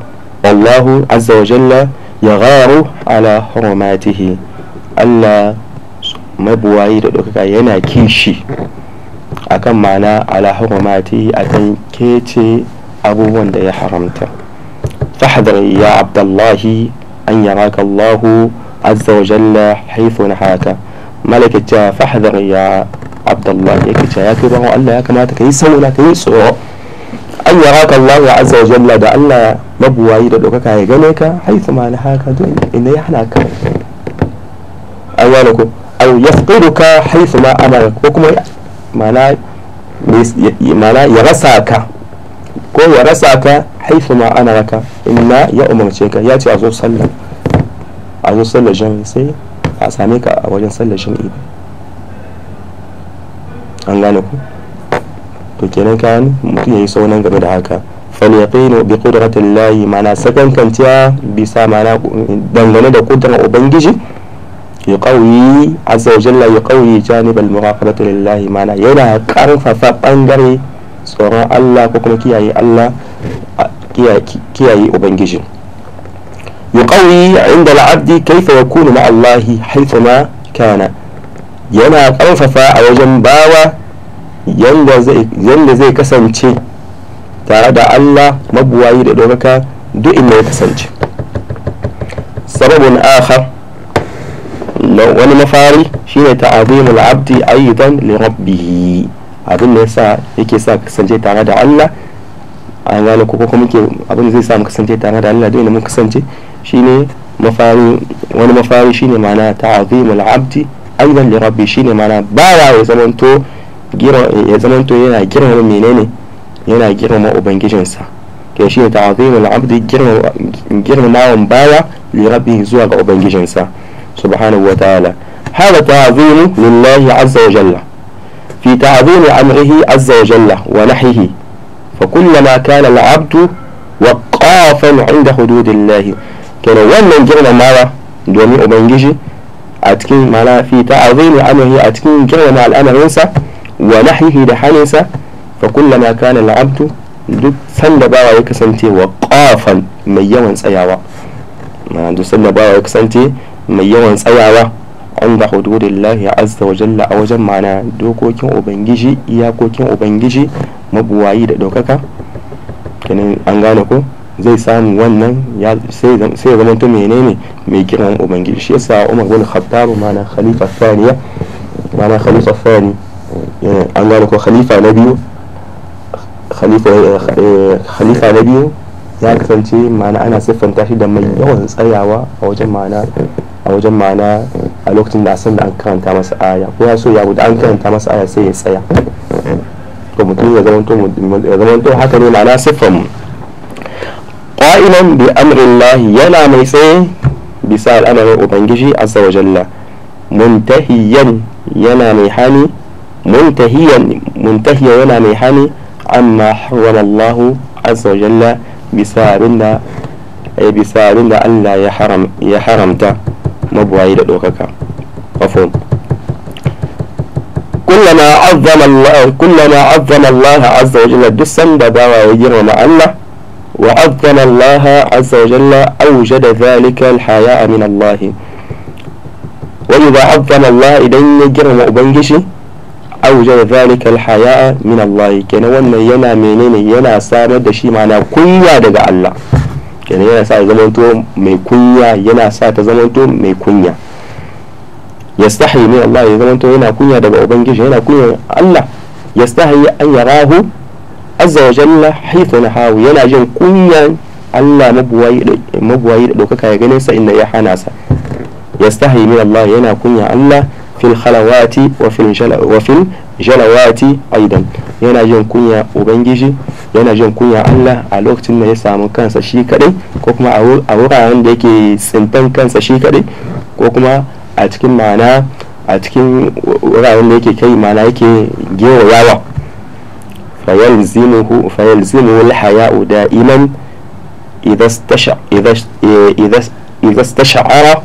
والله عز وجل يغار ala حرماته allah mabuwayi da ɗaukaka yana kishi akan mana ala hurumati akan kece abubuwan da ya haramta fahadar ya abdullahi an yaraka allahu azza wa jalla haifu haka malaka fahadar ya abdullahi yake ce ya kai bawan allah ya kamata ka yi sauna ka yi tsoro an yara ka Allah azza wa jalla da Allah mabuwayi da ɗaukaka ya gane ka haifu ma na haka don ina ya hana ka an yana ko ya tsiru ka haifu ma amara ko kuma mana ya rasa ka ko ya rasa ka haifu ma ana raka inna ya umarce ka ya ce a zo sallah a zo sallah jami sai a same ka a wajen sallah jami'i an gane ku to kenan kan mutum yayi saunan game da haka fal yaqinu bi qudratillahi mana sakankanciya bisa mana dangane da kudrar ubangiji yuqawi azza wa jalla yuqawi janib al muraqabati lillahi mana yana karfafa bangare tsoron Allah ko kuma kiyaye Allah kiyaye ubangiji yuqawi inda al-abdi kaifa yakunu ma Allah kana yana karfafa a wajen bawa yanda zai kasance tare da Allah mabuwayi da ɗaukaka duk inda ya kasance sababin akhar wani mafari shine ta'azimul abdi aidan li rabbih abin da yasa yake sa kasance tare da Allah an gane ko kuma ke abin zai sa mu kasance tare da Allah inda mun kasance shine mafari wani mafari shine ma'ana ta'azimul abdi don li rabbih shine ma'ana ba ya zamanto gira ya zamanto yana girma menene yana girma ubangijin sa ke shi ta azimi al'abdi girma girma nawon baya li rabbi zuwa ga ubangijin sa subhanahu wataala هذا تعظيم لله عز وجل في تعظيم أمره عز وجل ونحيه فكلما كان العبد وقافا عند حدود الله كان وان من جرنا ما دومي أبنجيجي أتكين ما في تعظيم أمره أتكين جرنا مع الأمر ينسى wa nahihi da haninsa fa kullama kana la'abtu duk sanda bawa ya kasance wa qafan mai yawan tsayawa duk sanda bawa ya kasance mai yawan tsayawa inda hududillahi azza wa jalla a wajen mana dokokin ubangiji iyakokin ubangiji mabuwayi da dokaka kenan an gane ko zai samu wannan sai ya zamanto menene mai kiran ubangiji shi yasa umar bin khattab mana khalifa thaniya mana khalifa thaniya Eh, an gane ko khalifa na biyu eh, eh, khalifa na biyu ya kasance ma'ana ana siffanta shi da mai yawan tsayawa a wajen ma'ana a wajen ma'ana a lokacin da san da an karanta masa aya ko ya so ya da an karanta masa aya sai ya tsaya to mutum ya zama to haka ne ma'ana siffan qa'ilan bi amrillahi yana mai tsaye bisa al'amarin ubangiji azza wa jalla muntahiyan yana mai hali منتهيا منتهيا ولا ميحان عما حرم الله عز وجل بسبب بسبب ان لا ya haram ya haramta mabuwayi da ɗaukaka كلما عظم الله كلما عظم الله عز وجل دسن ويجر مع الله وعظم الله عز وجل أوجد ذلك الحياء من الله وإذا عظم الله يجر مع بنجشي aujar zalika alhaya min Allah kenan wannan yana menene yana samar da shi mana kunya daga Allah kenan yana sa ya zamanto mai kunya yana sa ta zamanto mai kunya yastahi min Allah ya zamanto yana kunya daga ubangiji yana kunya Allah yastahi an yarahu azza wa jalla haythu nahahu yana jin kunyan Allah mabuwayi da ɗaukaka ya ganin sa inda ya hana sa yastahi min Allah yana kunya Allah في الخلوات وفي الجلوات jalawati aidan yana jin kunya ubangiji yana jin kunya allah a lokacin da ya samu kansa shi kadai ko kuma a wuraren da yake tsintan kansa shi kadai ko kuma a cikin mana a cikin wuraren da yake kai mana yake gewayawa fayalzimuhu alhaya'u da'iman idza stash'ara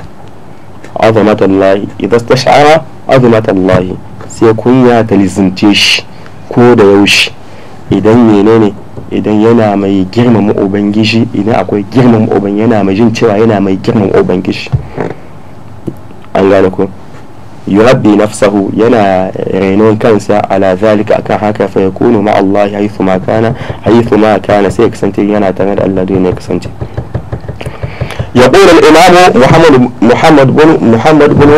azamatallahi idan stashara azamatallahi sai kunya ta lizince shi ko da yaushe idan menene idan yana mai girmama ubangiji idan akwai girmama uban yana mai jin cewa yana mai girmama ubangiji an gane ko yurabbi nafsahu yana renon kansa ala zalika akan haka fa yakunu ma Allah haythu ma kana haythu ma kana sai kasance yana tare da Allah dole ne kasance يقول الإمام محمد محمد بن محمد بن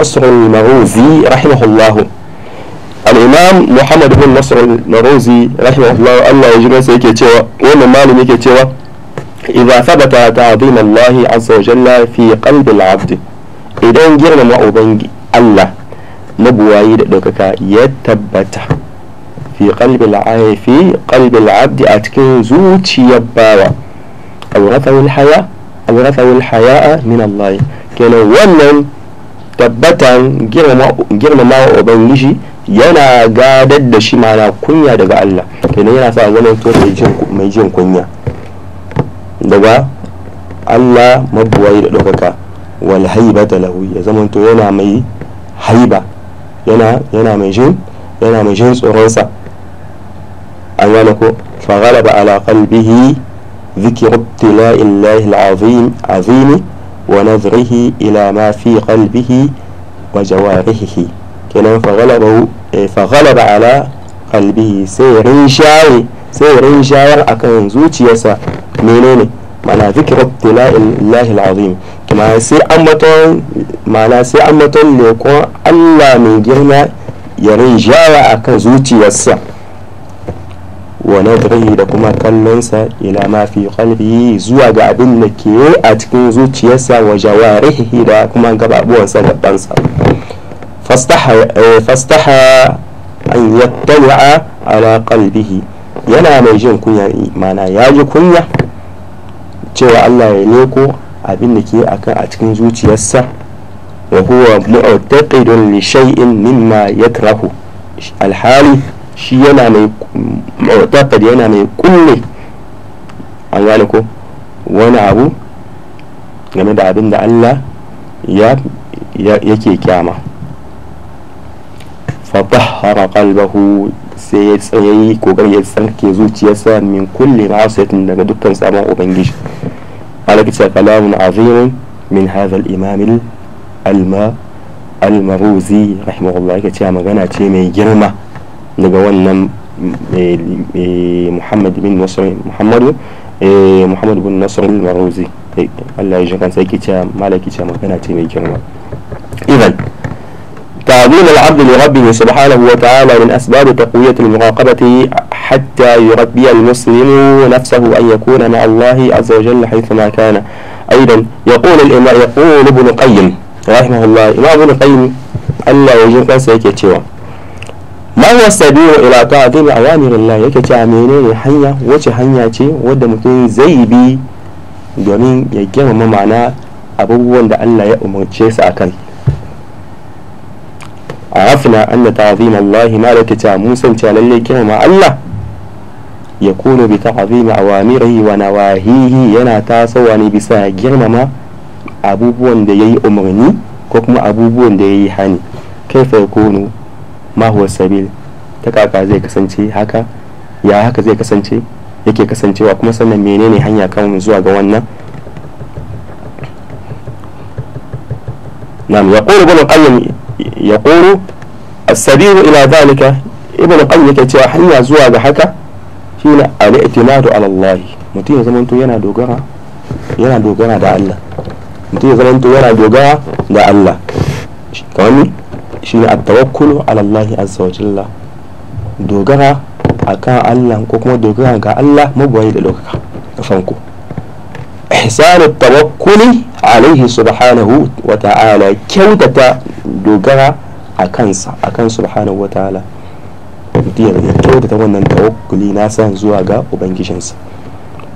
نصر المروزي رحمه الله الإمام محمد بن نصر المروزي رحمه الله الله يجمع سيكي تيوى وإن إذا ثبت تعظيم الله عز وجل في قلب العبد إذا ما وأبنجي الله نبوي دوكا يتبت في قلب العاي في قلب العبد أتكن زوتي يباوى أورثه الحياة azrafahul haya'a min Allah kenan wannan tabbatan girmama ubangiji yana gadar da shi mana kunya daga Allah kenan yana sa zama to mai jin kunya daga Allah mabuwai da ɗaukaka wal haibata lahu ya zama to yana mai haiba yana yana mai jin yana mai jin tsoronsa an gane ko fa ala qalbihi ذكر ابتلاء الله العظيم عظيم ونظره إلى ما في قلبه وجوارحه كنا فغلبه فغلب على قلبه سير شاوي سير شاور أكن زوتي يسا منين معنى ذكر ابتلاء الله العظيم كما سي أمتون معنى سي أمتون ليكون الله من جهنا يرين شاوي أكن زوتي يسا wa nadrihi da kuma kallonsa ila ma fi qalbihi zuwa ga abin da ke a cikin zuciyarsa wa jawarihi da kuma gababuwansa da ɗansa eh, fastaha an ala qalbihi yana mai jin kunya mana ya ji kunya cewa Allah ya leko abin da ke akan a cikin zuciyarsa wa huwa mu'taqidun li shay'in mimma yakrahu alhali shi yana mai yana mai kulle an gane ko wani abu game da abin da Allah ya ke kyama fatahara qalbahu sai ya tsayayi kokarin ya tsarke zuciyarsa min kulli ma'asiyatin daga dukkan sabon ubangiji alaka ce kalamun azimun min hazal imamil imam al rahimahullah yake cewa magana ce mai girma نجوان نم محمد بن نصر محمد إيه، محمد بن نصر المروزي إيه، الله يجزاك عن سيكي kansa yake cewa malaki cewa magana اذا تعظيم العبد لربه سبحانه وتعالى من أسباب تقوية المراقبة حتى يربي المسلم نفسه أن يكون مع الله عز وجل حيثما كان أيضا يقول الإمام يقول ابن القيم رحمه الله إمام ابن القيم ألا يجوز سيكتشفه ma huwa sabiru ila ta'atil awamir Allah yake cewa menene hanya wace hanya ce wadda mutum zai bi domin ya girmama ma'ana abubuwan da Allah ya umarci su akai arafna anna ta'zim Allah ma lake ta mun ta cewa lalle ma Allah ya kuna bi ta'zim awamirihi wa nawahihi yana tasowa ne bisa girmama abubuwan da yayi umarni ko kuma abubuwan da yayi hani kai fa kunu mahuwa huwa sabil ta kaka zai kasance haka ya haka zai kasance yake kasancewa kuma sannan menene hanya kan zuwa ga wannan nam ya qulu gudun ƙayyar ya qulu a sabil ila dalika ibn qayyim yake cewa hanya zuwa ga haka shine al-i'timadu ala Allah mutum ya zama yana dogara yana dogara da Allah mutum ya yana dogara da Allah kamar ni shine a tawakkulu ala Allah azza wa jalla dogara a kan Allah ko kuma dogara ga Allah magoyi da lokaka fanko. ihsan tawakkuli alaihi subhanahu wa ta'ala kyautata dogara a kansa kan subhanahu wa ta'ala ya kyautata wannan tawakkuli na san zuwa ga ubangijinsa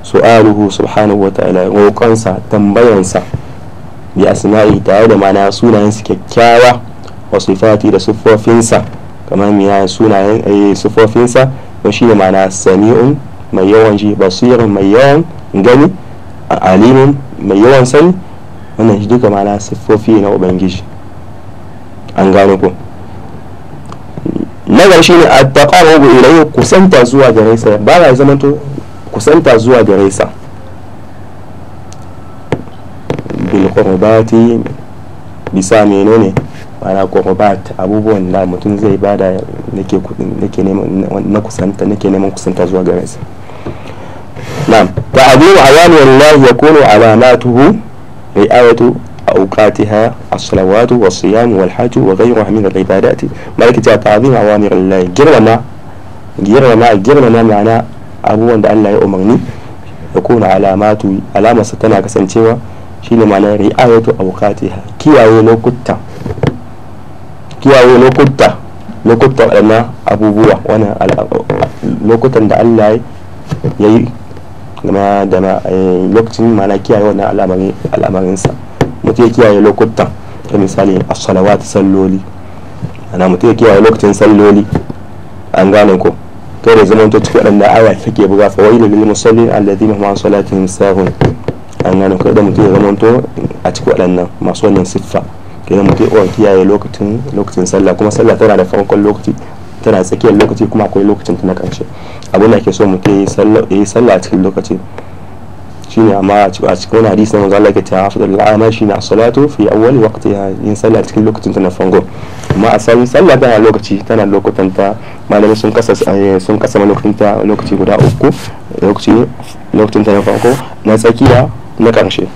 su'aluhu subhanahu wa ta'ala roƙonsa tambayansa bi asma'i tare da mana sunayensa kyakkyawa wa da siffofinsa kamar miya sunayen eh, siffofinsa don shi ne ma'ana sami'un mai yawan ji basirin mai yawan gani alimin mai yawan sani wannan shi duka ma'ana siffofi na ubangiji an gano ku na shi ne a taƙararru ilayi kusanta zuwa gare raisa ba na zama to kusanta zuwa gare raisa bil bisa bisa menene ana kwakwabat abubuwan da mutum zai bada na kusanta nake neman kusanta zuwa gare sa na'am ta abubu a yanu wallah ya kuno alamatuhu bai ayatu a ukati ha a salawatu wa siyamu wal hajju wa gairu hamidu da ibadati malaki ta ta abubu a wani wallah girmama girmama girmama ma'ana abubuwan da allah ya umarni ya kuno alamatu alamarsa tana kasancewa shine ma'ana ri'ayatu a ukati ha kiyaye lokuta kiyaye lokuta lokutan waɗannan abubuwa wani lokutan da allah ya yi gama da eh, lokacin mana kiyaye wannan al'amarinsa mutum ya kiyaye lokutan ta misali a salawat salloli ana mutum ya kiyaye lokacin salloli an gane ko kai da zaman cikin waɗanda aya take buga fa wailu lil musallin alladhina hum an salatin sahun an gane ko da mutum ya zamanto a cikin waɗannan masu wannan siffa kenan mutum ya kiyaye lokacin lokacin sallah kuma sallah tana da farkon lokaci tana tsakiyar lokaci kuma akwai lokacin ta na karshe abin da ake so mutum ya yi eh, sallah a cikin lokaci shine amma a cikin wani hadisi na manzo Allah yake da afdal shi ne a salatu fi awwali waqtiha yin sallah cikin lokacin ta na farko amma a san sallah tana lokaci tana lokutan ta malamai sun kasa eh, sun kasa lokacin ta lokaci guda uku lokaci lokacin ta na farko na tsakiya na karshe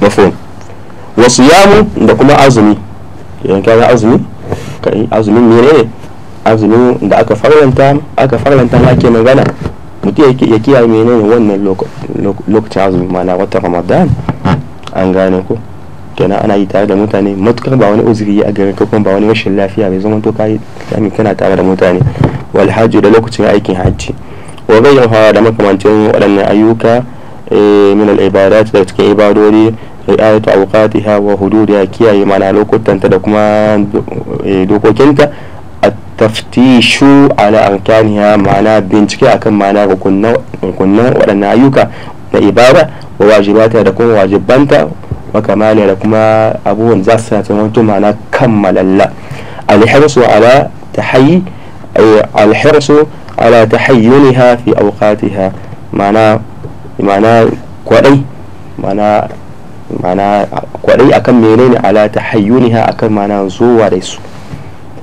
mafhum wasu yamu da kuma azumi idan ka azumi azumin mene ne azumin da aka farlanta aka farlanta ma ke magana mutum ya kiyaye mene ne wannan lokacin azumi mana wata ramadan an gane ko kenan ana yi tare da mutane matukar ba wani uzuri a garin ka kuma ba wani rashin lafiya mai zama to kai kana tare da mutane wal da lokacin aikin hajji wa gayyan da makamancin waɗannan ayyuka eh, min al ibadat da cikin ibadodi ri'ayatu awqatiha wa hududiha kiyaye mana lokutanta da kuma dokokinta taftishu ala arkaniha ma'ana bincike akan ma'ana rukunnan waɗannan ayyuka na ibada wa wajibata da kuma wajibanta wa kamaliya da kuma abubuwan za su zamanto ma'ana kammalalla alhirsu ala tahayyi alhirsu ala tahayyuniha fi awqatiha ma'ana ma'ana kwadai ma'ana mana kwaɗai akan menene ala ta hayyuniha akan mana zuwa da su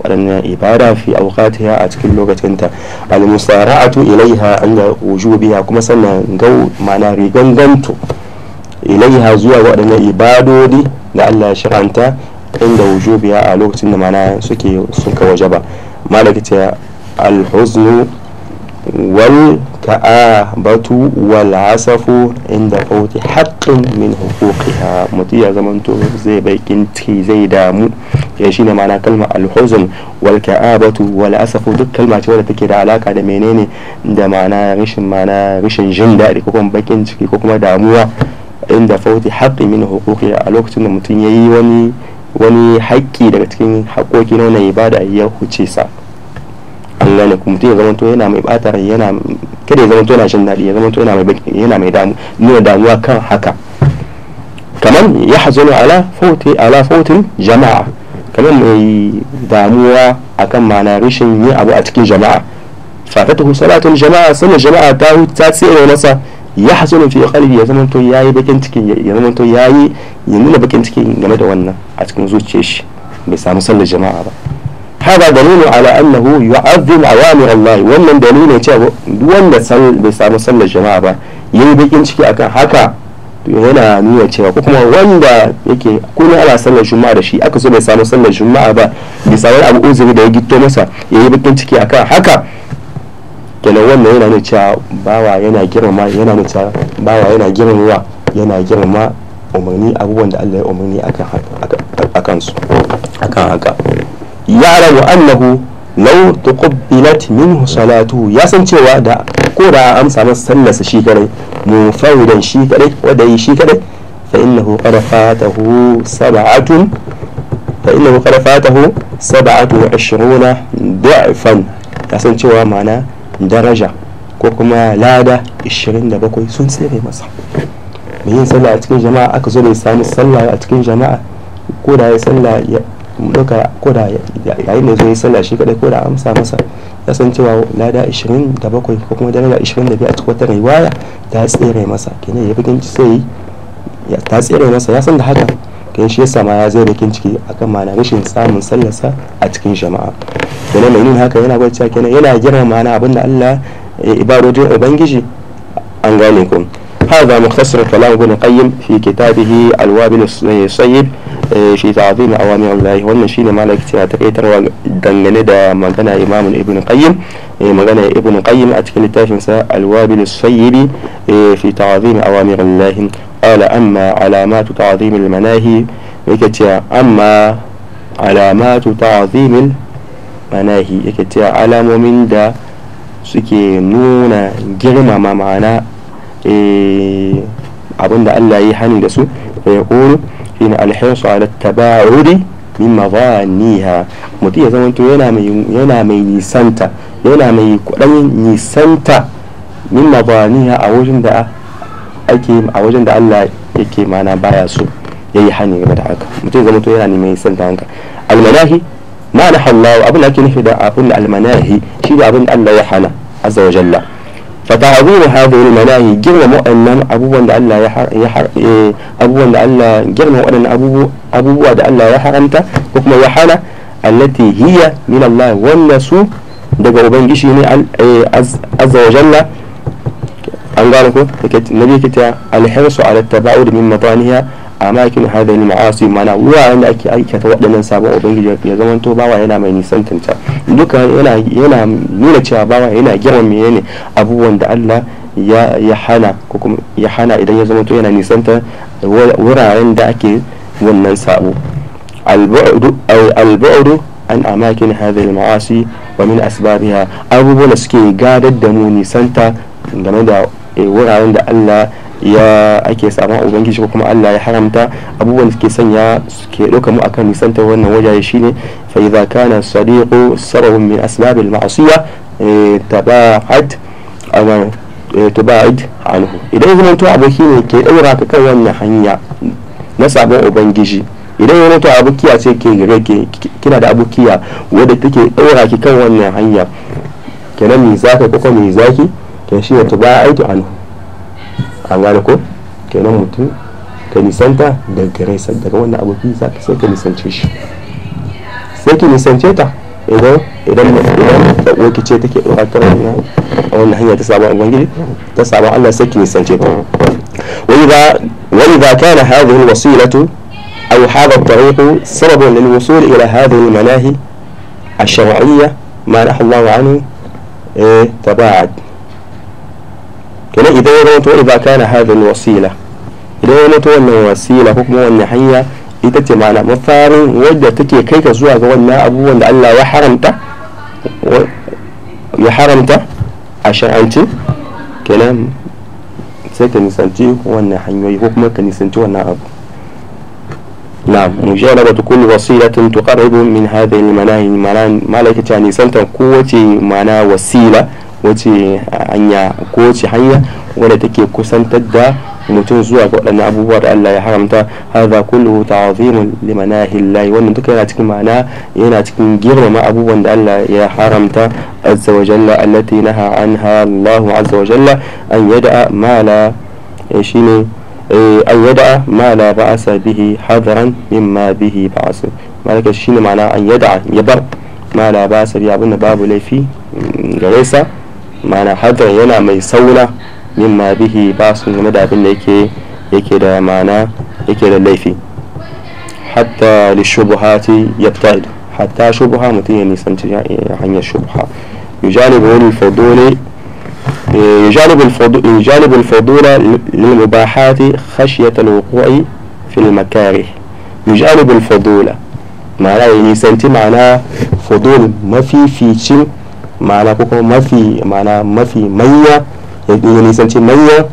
waɗannan ibada fi auqatiha a cikin lokacinta al musara'atu ilaiha inda wujubiha kuma sannan gau mana riganganto ilaiha zuwa waɗannan ibadodi da Allah ya shiranta inda wujubiha a lokacin da mana suke sun ka wajaba malaka ta al huznu wal ka'abatu wal asafu inda fauti haƙƙin min ha mutu ya zama to zai bai ciki zai damu ya shi ne ma'ana kalma alhuzun wal batu wal asafu duk kalma ce wadda take da alaka da menene da ma'ana rashin ma'ana rashin jin daɗi ko kuma bakin ciki ko kuma damuwa inda fauti haƙƙin min hukukiha a lokacin da mutum ya yi wani wani haƙƙi daga cikin haƙƙoƙi na wannan ibada ya huce sa gane ku mutum ya zama to yana mai bata rai yana kada ya zama to yana jin dadi ya zama to yana mai yana mai damu nuna damuwa kan haka kaman ya hazonu ala fauti ala fautin jama'a kaman mai damuwa akan mana rashin yin abu a cikin jama'a fatatuhu salatun jama'a sama jama'a ta ta tsere masa ya hasulu fi qalbi ya zama to yayi bakin cikin ya zama to yayi ya nuna bakin cikin game da wannan a cikin zuciyar shi bai samu sallar jama'a ba هذا دليل على أنه يعظم أوامر الله wannan dalilin cewa duk wanda bai samu sallar jama'a ba yayi bakin ciki akan haka yana nuna cewa ko kuma wanda yake kuma ana sallar juma'a da shi aka zo bai samu sallar juma'a ba bai samu abu uzuri da ya gitto masa ya yi bakin ciki akan haka kenan wanda yana nuna cewa yana girmama yana nuna cewa umarni abubuwan da Allah ya umarni akan akan haka ya'lamu lau ta tuqbilat minhu salatu ya san cewa da ko da amsa masa sallasa shi kadai mu mufawwidan shi kadai wanda yi shi kadai fa innahu qad fatahu sab'atun fa innahu qad fatahu sab'atu wa ya san cewa mana daraja ko kuma lada 27 sun tsere masa mai yin sallah a cikin jama'a aka zo bai samu sallah a cikin jama'a ko da ya sallah mu ko da yayin da zai sallah shi kadai ko da amsa masa ya san cewa lada 27 ko kuma daraja 25 a cikin wata riwaya ta tsere masa kenan ya ci sai ta tsere masa ya san da haka kai shi yasa ma ya zai bakin ciki akan ma'ana rashin samun sallarsa a cikin jama'a kenan mai yin haka yana gwada cewa kenan yana girma ma'ana abinda Allah ya eh, ibadodin ubangiji an gane ku هذا مختصر كلام ابن القيم في كتابه الوابل الصيب fi eh, ta'zim awamir Allah wannan shine malaki ta takaitarwa dangane da magana imamun Ibn Qayyim eh, magana Ibn Qayyim a cikin littafin sa Al-Wabil Sayyib eh, fi ta'zim awamir Allah qala amma alamatu ta'zim al-manahi yake cewa amma alamatu ta'zim al-manahi yake cewa alamomin da suke nuna girmama ma'ana abinda Allah ya yi hani da su ya koro shine alhinsu ala taba'udi min madaniha mutum ya zamanto yana mai yana mai nisanta yana mai kudan nisanta min madaniha a wajen da ake a wajen da Allah yake mana baya so yayi hani game da haka mutum ya zamanto yana mai nisanta haka almanahi ma nahallahu abin da ake nufi da abin almanahi shi da abin da Allah ya hana azza wa jalla فتعظيم هذه الملاهي جرم وأنم أبوا لألا يحر يحر إيه، أبوا لألا جرم وأن أبوا أبوا لألا انت حكم يحنا التي هي من الله والناس daga ubangiji ne azza wa jalla an gano ko take nabi kita alhirsu ala taba'ud hada hadhihi ma'asi mana wuraren da ake aikata waɗannan sabon ubangiji ya to bawa yana mai nisantanta duka yana nuna cewa bawa yana girma menene abubuwan da Allah ya hana ko kuma ya hana idan ya zamanto yana nisanta wuraren da ake wannan sabo al-bu'du an amakin hada al-ma'asi wa min asbabiha abubuwan da suke gadar da mu nisanta game da eh, wuraren da Allah ya ake samun ubangiji ko kuma Allah ya haramta abubuwan da ke sanya ke ɗauka mu akan nisantar wannan wajaye shine fa idza kana sadiqu sababun min asbabil ma'siya eh, taba'ad aman eh, taba'ad anhu idan zaman to aboki ne ke daura ka kan wannan hanya na sabon ubangiji idan ya mutu abokiya ce ke gare ke kina da abokiya wadda take daura ki kan wannan hanya kenan me zaka ko kuma me zaki ke shi ya taba'ad anhu an ko kenan mutum ka nisanta daga gare sa daga wanda aboki za ka sai ka nisance shi sai ki nisance ta idan idan idan ta ɗauki ce take ɗauka ta rayuwa a wannan hanya ta sabon ubangiji ta sabon allah sai ki nisance ta wani ba kana hadhihi alwasilatu aw hadha at-tariq sababan lilwusul ila hadhihi almanahi a shariyyah ma nahallahu anhu eh, tabaad kenan idan ya zama to idza kana hadha wasila idan ya zama wannan wasila ko kuma wannan hanya ita ce ma'ana mafarin wadda take kai ka zuwa ga wannan abubuwan da Allah ya haramta ya haramta a shar'anci kenan sai ka nisanci wannan hanyoyi ko kuma ka nisanci wannan abu na'am mujarabatu kulli wasilatin tuqarribu min hadhihi al-manahi malan malaka ta nisantan kowace mana wasila wace hanya ko wace hanya wadda take kusantar da mutum zuwa ga waɗannan abubuwa da Allah ya haramta hadha kulluhu ta'zimun limanahillahi wannan duka yana cikin ma'ana yana cikin girmama abubuwan da Allah ya haramta azza wa jalla allati naha anha Allah azza wa jalla an ya mala eh, shine eh, an yada'a mala ba'asa bihi hadaran mimma bihi ba'asa malaka shine ma'ana an yada'a ya bar mala ba'asa bihi abinda babu laifi mm, gare sa mana hadan yana mai sauna mimma bihi ba su game da abin da yake yake da mana yake da laifi hatta li shubuhati yabta'id hatta shubuha mutum ya nisanci hanyar shubuha yujanibu al-fuduli يجانب الفضول يجانب الفضول للمباحات خشية الوقوع في المكاره يجانب الفضول معناه يعني سنتي معناه فضول ما في في شيء ma'ana ko kuma mafi ma'ana mafi manya ya ce manya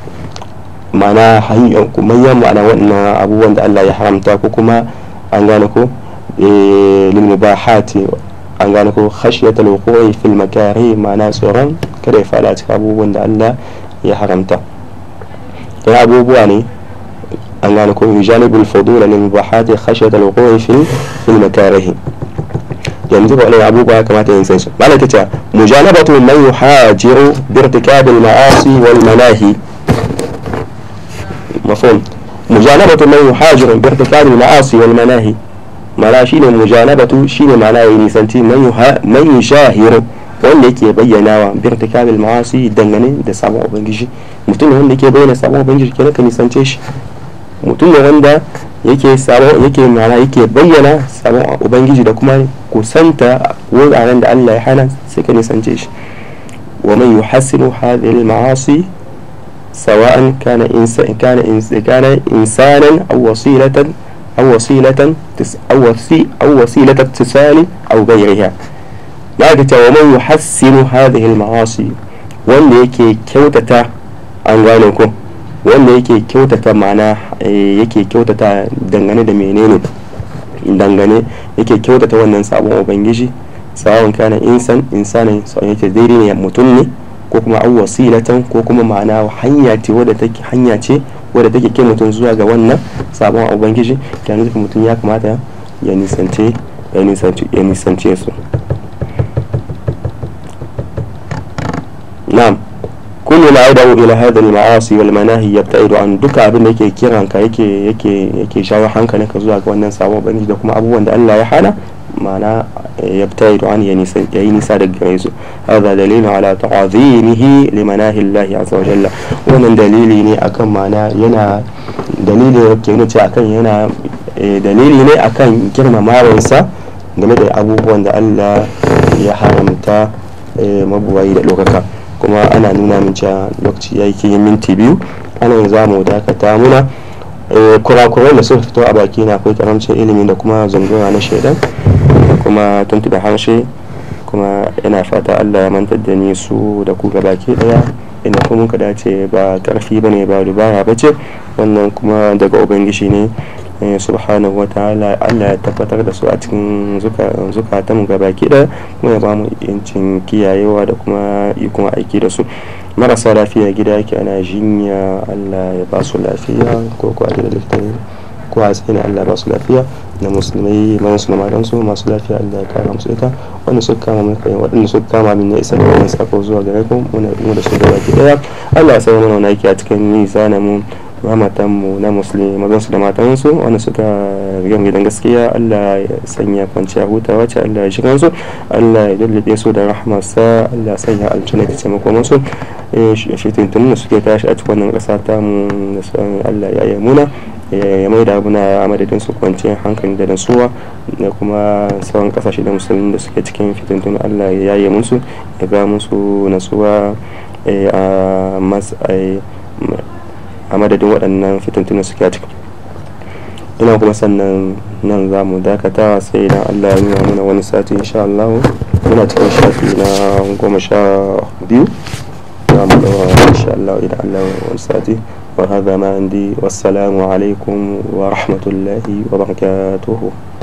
ma'ana manya ma'ana waɗannan abubuwan da Allah ya haramta ko kuma an gane ko eh, ba hati an gane ko khashiyat al wuqu'i fil makari ma'ana tsoron kada ya fada cikin abubuwan da Allah ya haramta ya abubuwa ne an gane ko yujanibul fudula lil mubahati khashiyat al wuqu'i fil makarihi yanzu ba wani abubuwa ya kamata yin san su malam ta ce mujanabatu man yuhajiru bi irtikabil ma'asi wal manahi mafhum batu man yuhajiru bi irtikabil ma'asi wal manahi mala shine mujanabatu shine ma'ana yi nisanci man man yushahiru wanda yake bayyanawa bi irtikabil ma'asi dangane da sabon ubangiji mutum wanda yake bayyana sabon ubangiji kenan ka nisance shi mutum da wanda yake sabon yake mana yake bayyana sabon ubangiji da kuma kusanta wuraren da Allah ya hana sai ka nisance shi wa man yuhassinu hadhihi al-ma'asi sawa'an kana insan kana kana insanan aw wasilatan aw wasilatan aw wasi aw wasilata tisali aw ghayriha ya ta wa man yuhassinu hadhihi al-ma'asi wanda yake kyautata an gane ko wanda yake kyautata ma'ana eh, yake kyautata dangane da menene dangane yake kyautata wannan sabon ubangiji sabon kana insan insana so yake daidai ne mutum ne ko kuma an wasilatan ko kuma ma'ana hanya ce wadda take hanya ce wadda take kai mutum zuwa ga wannan sabon ubangiji kenan zuwa mutum ya kamata ya nisance ya nisance ya nisance su na'am kullu la yad'u ila hadha al-ma'asi wal manahi yabta'idu an duka abin da yake kiran ka yake yake yake shawo hankalin ka zuwa ga wannan sabon bani da kuma abubuwan da Allah ya hana ma'ana yabta'idu an yani sai yayi nisa da gare su hadha dalilu ala ta'azimihi li manahi Allah azza wa jalla wannan dalili ne akan ma'ana yana dalili ke nuna cewa akan yana dalili ne akan girmamawarsa game da abubuwan da Allah ya haramta mabuwayi da lokaka kuma ana nuna min cewa lokaci ya yi minti biyu ana za mu dakata muna eh, kurakurai da suka fito a baki na akwai karamcin ilimi da kuma zungura na shaidan kuma da harshe kuma yana fata allah ya mantar da ni su da ku ga baki daya ina kuma ka dace ba karfi bane ba dubara ce wannan kuma daga ubangiji ne Eh, subhanahu wataala Allah ya tabbatar da su a cikin zukatanmu gabaki da kuma ya bamu yancin kiyayewa da kuma yi kuma aiki da su marasa lafiya gida yake ana jinya Allah ya ba su lafiya ko ko da likita ko a tsaye Allah ya ba su lafiya da musulmai mayan su su masu lafiya Allah ya kara musu ita wani su kama mai kayan waɗanda su kama min ya isa da wani sako zuwa gare ku muna da su gabaki ki daya Allah ya sa wani wani aiki a cikin na mu na mu na musulmi su da matansu wanda suka rigan gidan gaskiya Allah ya sanya kwanciya huta wacce Allah ya shiga su Allah ya dallabe su da rahmarsa Allah ya sanya aljanna ta taimako musu eh, shitintun da suke tashi a cikin wannan ƙasa ta mu Allah ya yi muna ya mai da abuna a madadin su kwanciyar hankali da nasuwa da kuma sauran kasashe da musulmi da suke cikin fitintun Allah ya yi musu ya ga musu nasuwa eh, a a madadin waɗannan fitintunan suke a ciki ina kuma sannan nan za mu dakata sai idan allah ya nuna mana wani sati insha allah muna cikin shafi na goma sha biyu za mu ɗaura insha allah idan allah ya wani sati وهذا ma'andi wassalamu alaikum wa rahmatullahi wa barakatuhu